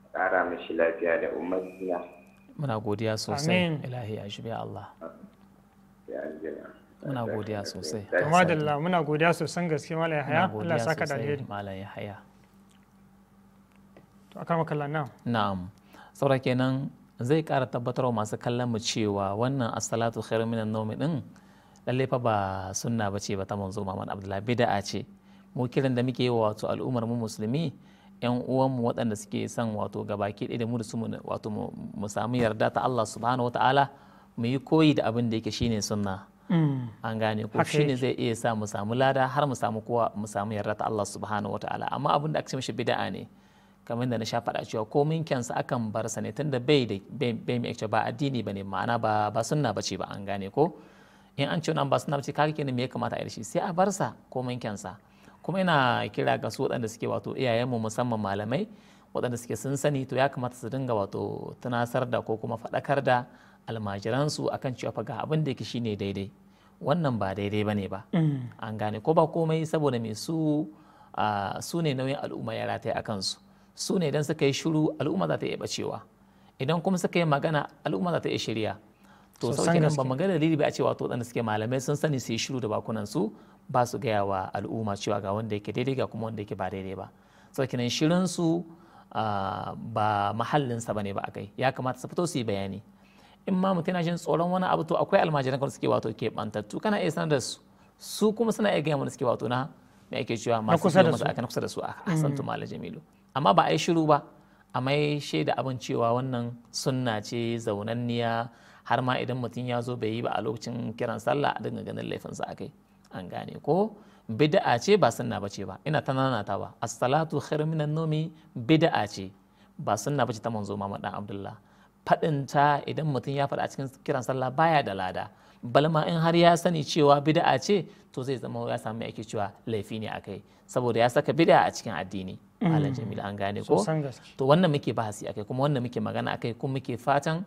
Tsara mishi lafiya da ummatiya. muna godiya sosai ilahi ya shi Allah muna godiya sosai kama da muna godiya sosan gaske malam haya Allah saka da alheri malam haya to aka maka nan na'am saboda kenan zai kara tabbatarwa masu kallon mu cewa wannan as-salatu khairu minan nawmi din lalle fa ba sunna bace ba ta manzo Muhammad Abdullahi bid'a ce mu kiran da muke yi wa wato al'ummar mu musulmi 'yan uwanmu waɗanda suke son wato gabaki ɗaya da mu da su wato mu samu yarda ta Allah subhanahu ta'ala mu yi koyi da abin da yake shine sunna mm. an gane ko shine zai iya sa mu samu lada har mu samu kowa mu samu yarda ta Allah subhanahu ta'ala amma abin da aka ce mishi bid'a ne kamar da na sha faɗa cewa komin kyansa akan bar sa ne tunda bai da bai mai ba addini bane ma'ana ba ba sunna bace ba an gane ko in an ce nan ba sunna bace kaga kenan me ya kamata a yi shi sai a bar sa komin kuma ina kira ga su waɗanda suke wato iyayenmu musamman malamai waɗanda suke sun sani to ya kamata su dinga wato tunasar da ko kuma faɗakar da almajiransu akan cewa fa ga abin da yake shine daidai wannan ba daidai bane ba mm. an gane ko ba komai saboda me su su ne nauyin al'umma ya rataye a kansu su ne idan suka yi shiru al'umma za ta iya bacewa idan kuma suka yi magana al'umma za ta iya shirya to sauke nan ba magana dalili ba a cewa to waɗanda suke malamai sun sani su yi shiru da bakunan su ba su gaya wa al'umma cewa ga wanda yake daidai ga kuma wanda yake ba daidai ba sakinan shirin su ah, ba sa ba ne ba a kai ya kamata su fito su yi bayani in ma mutum yana jin tsoron wani abu to akwai almajiran kan suke wato ke bantattu kana iya sanar da su su kuma suna iya gaya mana suke wato na me ake cewa masu kusa da su kusa ah, da mm. su san tumala jamilu amma ba a yi shiru ba a mai shaida abin cewa wannan sunna ce zaunanniya har ma idan mutum ya zo bai yi ba a lokacin kiran sallah a dinga ganin laifinsa a kai an gane ko bid'a ce ba sunna bace ba ina ta nanata ba as-salatu khairu minan nomi bid'a ce ba sunna bace ta manzo Muhammad dan Abdullah fadin ta idan mutum ya faɗa a cikin kiran sallah baya da lada balma in har ya sani cewa bid'a ce to zai zama ya samu yake cewa laifi ne akai saboda ya saka bid'a a cikin addini malam mm. Jamil an gane ko to wannan muke bahasi akai kuma wannan muke magana akai kuma muke fatan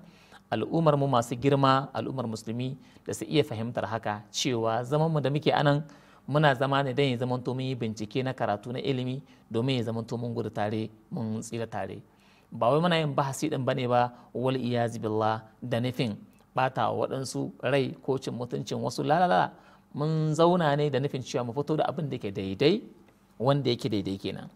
al'ummar mu masu girma al'ummar musulmi da su iya fahimtar haka cewa zaman mu da muke anan muna zama ne don ya zamanto mun yi bincike na karatu na ilimi domin ya zamanto mun gudu tare mun tsira tare ba wai muna yin bahasi din bane ba wal iyazi billah da nufin bata waɗansu rai ko cin mutuncin wasu lalala mun zauna ne da nufin cewa mu fito da abin da ke daidai wanda yake daidai kenan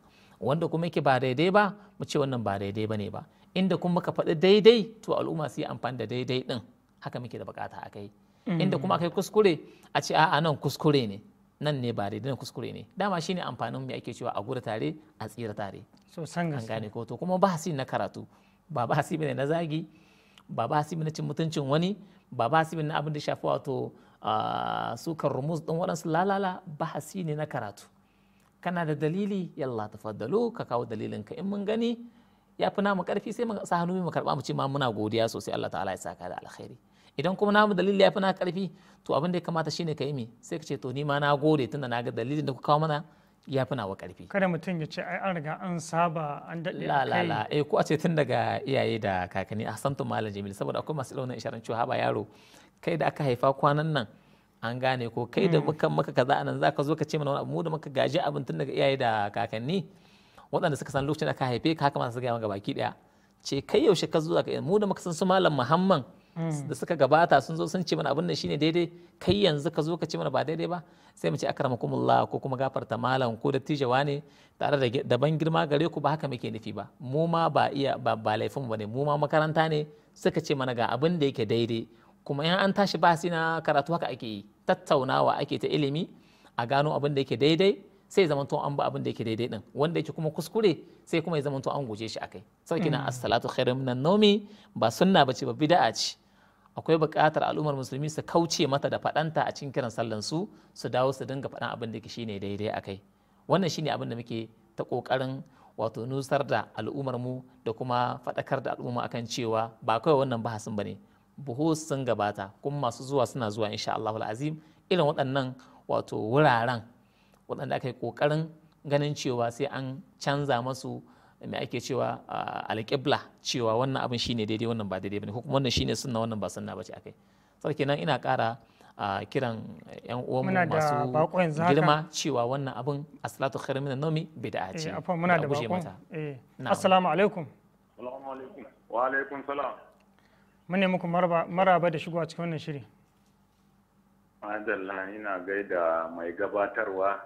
wanda kuma yake ba daidai ba mu ce wannan ba daidai ba ne ba inda kuma muka faɗi daidai to al'umma su yi amfani da daidai ɗin haka muke da bukata a kai mm. inda kuma akai kuskure a ce a'a nan kuskure ne nan ne ba daidai kuskure ne dama shine amfanin mu ake cewa a gudu tare a tsira tare so san gane ko to kuma ba na karatu ba ba ne na zagi ba ba na cin mutuncin wani ba ba na abin da shafi wato ah, sukar rumus din waɗansu lalala ba ne na karatu kana da dalili yalla tafaddalu ka kawo dalilin ka in mun gani ya fi namu karfi sai mun sa hannu mu karba mu ce ma muna godiya sosai Allah ta'ala ya saka da alkhairi idan kuma namu dalili ya fi na karfi to abin da ya kamata shine ka yi mi sai ka ce to ni ma na gode tunda na ga dalilin da ku kawo mana ya fi nawa karfi kada mutum ya ce ai an riga an saba an daɗe la la la eh ko a ce tun daga iyaye da kakanni santu malam jamil saboda akwai masu launin isharar cewa ba yaro kai da aka haifa kwanan nan an gane ko kai da hmm. mukan maka kaza anan zaka zo ka ce mana wani abu mu da muka gaji abin tun daga iyaye da kakanni waɗanda suka san lokacin da ka haife ka haka su ga maka baki daya ce kai yaushe ka zo ka mu da muka san su malam Muhammad. Hmm. da suka gabata sun zo sun ce mana abin nan shine daidai kai yanzu ka zo ka ce mana ba daidai ba sai mu ce akramakumullah ko kuma gafarta malam ko dattijawa ne tare da daban girma gare ku ba haka muke nufi ba mu ma ba iya ba laifin mu bane mu ma makaranta ne suka ce mana ga abin da yake daidai kuma in an tashi ba na karatu haka ake yi tattaunawa ake ta ilimi a gano abin da yake daidai sai to an ba abin da yake daidai din wanda yake kuma kuskure sai kuma ya to an guje shi akai sauki na mm. as-salatu khairum minan nawmi ba sunna bace ba bid'a ce akwai buƙatar al'ummar musulmi su kauce mata da faɗanta a cikin kiran sallan su su dawo su dinga faɗan abin da shine daidai akai wannan shine abin da muke ta kokarin wato nusar da al'ummar mu da kuma faɗakar da al'umma akan cewa ba kawai wannan bahasin bane buhu sun gabata kuma masu zuwa suna zuwa insha Allahul azim irin waɗannan wato wuraren waɗanda aka yi ƙoƙarin ganin cewa sai an canza masu me ake cewa alƙibla cewa wannan abin shine daidai wannan ba daidai bane ko kuma wannan shine sunna wannan ba sunna bace akai sarki nan ina ƙara kiran yan uwanmu masu girma cewa wannan abin aslatu salatu khairu minan nawmi bid'a ce eh, muna da bakon eh. assalamu alaikum wa alaikum salam mune muku maraba da shigo a cikin wannan shiri madalla ina gaida mai gabatarwa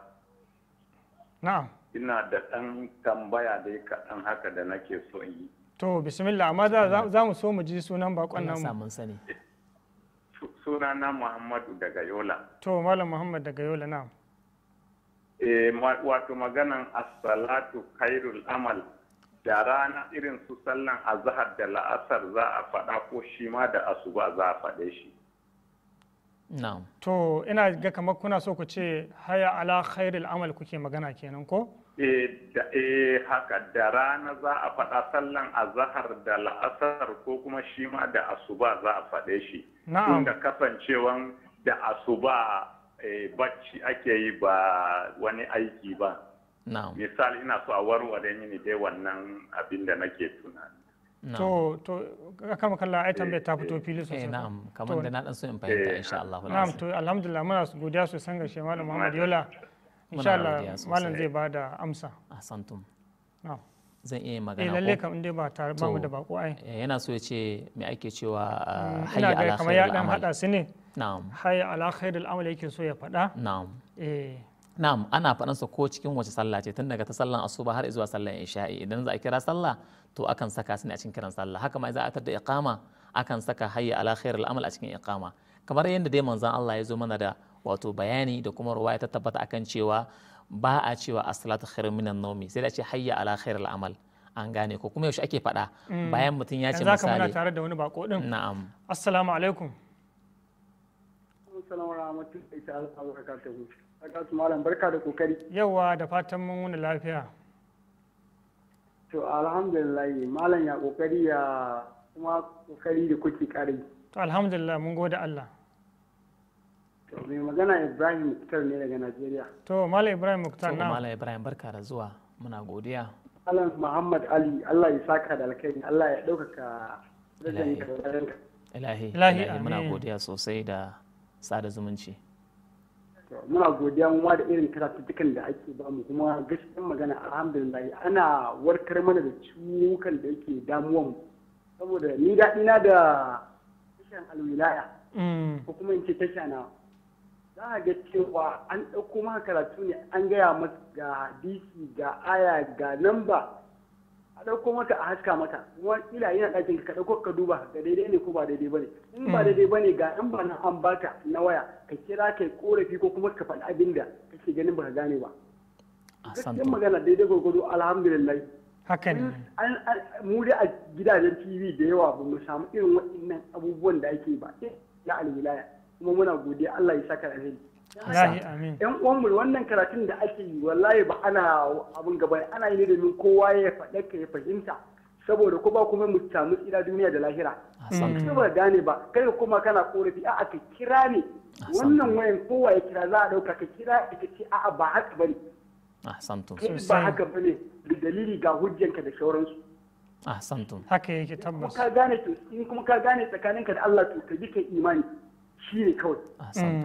na'am ina da ɗan tambaya dai kaɗan haka da nake so yi to bismillah amma za mu so mu ji sunan bakon nan namu sunana muhammadu daga yola to malam muhammad daga yola na'am eh, wato maganan as-salatu amal da rana irin su sallan azahar da la'asar za a faɗa ko shi ma da asuba za a faɗe shi to ina ga kamar kuna so ku ce haya ala khairul amal kuke magana kenan ko e haka da rana za a faɗa sallan azahar da la'asar ko kuma shi ma da asuba za a faɗe shi na'am da kasancewan da asuba eh, bacci ake yi ba wani aiki ba misali ina so a warware mini dai wannan abin da nake tunani to to kama kallon ai tambayar ta fito eh, fili eh, sosai na'am kamar da na dan so in fahimta eh, insha Allah na'am to alhamdulillah muna godiya sosan ga shi malam Muhammad Yola insha Allah malam zai ba da amsa ahsantum na'am zan iya magana ko lalle kam inda ba ta ba mu da bako ai yana so ya ce me ake cewa ah, mm, hayya ala khairul amal kamar ya dan hada su ne na'am hayya ala khairul amal yake so ya faɗa na'am eh na'am ana faɗansa ko cikin wace sallah ce tun daga ta sallan asuba har zuwa sallan isha'i idan za a kira sallah to akan saka su ne a cikin kiran sallah haka ma za a da iqama akan saka hayya ala khairul amal a cikin iqama kamar yadda dai manzon Allah ya zo mana da wato bayani da kuma ruwaya ta tabbata akan cewa ba a cewa as-salatu khairun minan nawmi sai da ce hayya ala khairul amal an gane ko kuma yaushe ake faɗa mm. bayan mutum ya ce misali yanzu haka muna tare da wani bako din na'am assalamu alaikum assalamu alaikum wa rahmatullahi wa barakatuh Saka malam barka da kokari. Yawa da fatan mun wani lafiya. To alhamdulillah malam ya kokari ya kuma kokari da kuke kare. To alhamdulillah mun gode Allah. To mai magana Ibrahim Muktar ne daga Najeriya. To malam Ibrahim Muktar na. Malam Ibrahim barka da zuwa muna godiya. Malam Muhammad Ali Allah ya saka da alkhairi Allah ya ɗaukaka Ilahi ka. Ilahi. Ilahi muna godiya sosai da sada zumunci. muna godiya wa da irin karatuttukan da ake ba mu kuma gaskiyar magana alhamdulillah ana warkar mana da ciwukan da yake damuwa mu saboda ni daɗi na da tashan alwilaya mm. ko kuma in ce tasha na za a ga cewa an ɗauko maka karatu ne an gaya masu ga dc ga aya ga namba a ɗauko mata a haska mata ila yana ɗakin ka ɗauko ka duba ga daidai ne ko ba daidai bane in ba mm. daidai bane ga in ba na an bata na waya ka kira ka korafi ko kuma ka faɗi abin da kake ganin ba ka gane ba ah, gaskiyar magana daidai gwargwado alhamdulillah haka ne mu dai a gidajen tv da yawa ba mu samu irin waɗannan abubuwan da ake ba ya alwilaya kuma muna godiya Allah ya saka alheri Yan uwanmu wannan karatun da ake yi wallahi ba ana abin gaba ana yi ne domin kowa ya faɗa ka ya fahimta saboda ko ba kuma mu samu tsira duniya da lahira. Ba ba gane ba kai kuma kana korafi a'a ka kira ne wannan wayan kowa ya kira za a ɗauka ka kira ka ce a'a ba haka bane. Kai ba haka bane da dalili ga hujjanka da sauransu. Ahsantum. Haka yake tabbas. Ka gane to in kuma ka gane tsakaninka da Allah to ka bi ka imani. shi ne kawai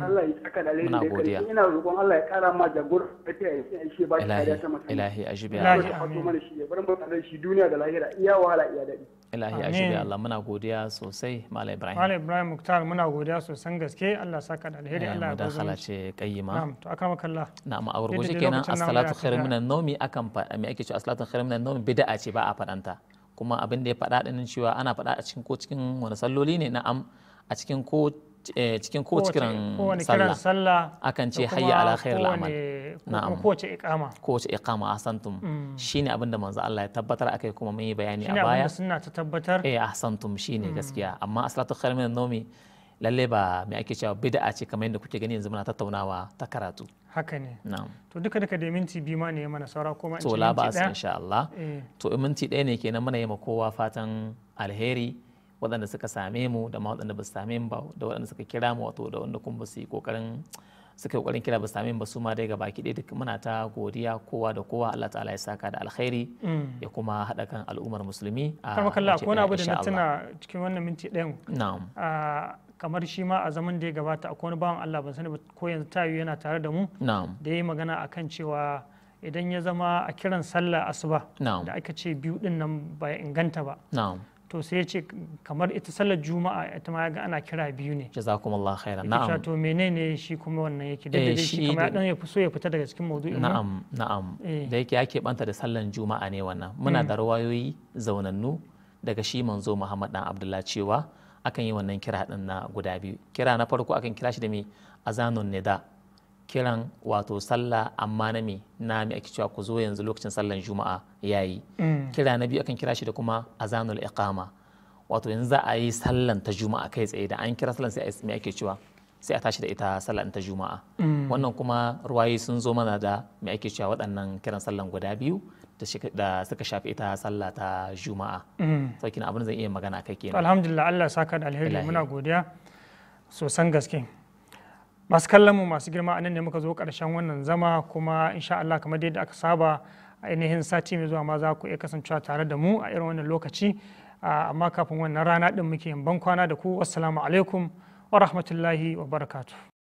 Allah ya saka da laifin da kai ina roƙon Allah ya kara ma jagora lafiya ya sai shi ba ta kariya ta musamman ilahi ajibi Allah ya fato mana shi ya bar mu tare shi duniya da lahira iya wahala iya dadi ilahi a ajibi Allah muna godiya sosai Malam Ibrahim Malam Ibrahim Muktar muna godiya sosan gaske Allah ya saka da alheri Allah ya gozo mu ce kayyima na'am to aka maka Allah na'am a wurgo shi kenan as-salatu khairun minan nawmi akan fa me ake cewa as-salatu khairun minan nawmi bid'a ce ba a fadanta kuma abin da ya faɗa ɗinin cewa ana faɗa a cikin ko cikin wani salloli ne na'am a cikin ko Eh, cikin kowace kiran sallah akan ce hayya ala khairil amal na'am kowace iqama kowace iqama ahsantum mm. shine abin da manzo Allah ya tabbatar akai kuma mun yi bayani a baya shine sunna ta tabbatar eh ahsantum shine mm. gaskiya amma aslatu khair min nomi lalle ba me ake cewa bid'a ce kamar yadda kuke gani yanzu muna tattaunawa ta karatu haka ne na'am to duka duka da minti biyu ma ne mana saura ko ma in ce minti ɗaya to la ba insha Allah eh. to minti ɗaya ne kenan muna yi ma kowa fatan alheri waɗanda suka same mu da ma waɗanda ba su same mu ba da waɗanda suka kira mu wato da wanda kuma ba su yi ƙoƙarin suka yi ƙoƙarin kira ba su same mu ba su ma dai gaba ɗaya duk muna ta godiya kowa da kowa Allah ta'ala ya saka da alkhairi mm. ya kuma haɗa kan al'ummar musulmi a kama kalla akwai abu da na tuna cikin wannan minti ɗayan na'am ah, kamar shi ma a zaman da ya gabata akwai wani bawan Allah ban sani ba ko yanzu tayu yana tare da mu na'am da yayi magana akan cewa idan ya zama a kiran sallah asuba da aka ce biyu din nan ba inganta ba to sai ya ce kamar ita sallar juma'a ita ma ga ana kira biyu ne Allah khairan na'am to menene shi kuma wannan yake eh, da shi kamar dan ya so ya fita daga cikin maudu'in na'am na'am eh. da yake yake banta da sallar juma'a ne wannan muna eh. da rawayoyi zaunannu daga shi manzo Muhammad dan Abdullah cewa akan yi wannan kira din na guda biyu kira na farko akan kira shi da me azanun nida kiran wato sallah amma na me na me ake cewa ku zo yanzu lokacin sallan juma'a yayi mm. kira na biyu akan kira shi da kuma azanul iqama wato yanzu za a yi sallan ta juma'a kai tsaye da an kira sallan sai me ake cewa sai a tashi da ita sallan ta juma'a mm. wannan kuma ruwayi sun zo mana da me ake cewa waɗannan kiran sallan guda biyu da suka shafi ita sallah ta juma'a sauki mm. abin zan iya magana kai kenan alhamdulillah Allah saka da alheri muna godiya sosan gaske masu kallon mu masu girma anan ne muka zo karshen wannan zama kuma insha Allah kamar yadda aka saba ainihin sati mai zuwa ma za ku iya kasancewa tare da mu a irin wannan lokaci amma kafin wannan rana din muke yin ban kwana da ku assalamu alaikum wa rahmatullahi wa barakatuh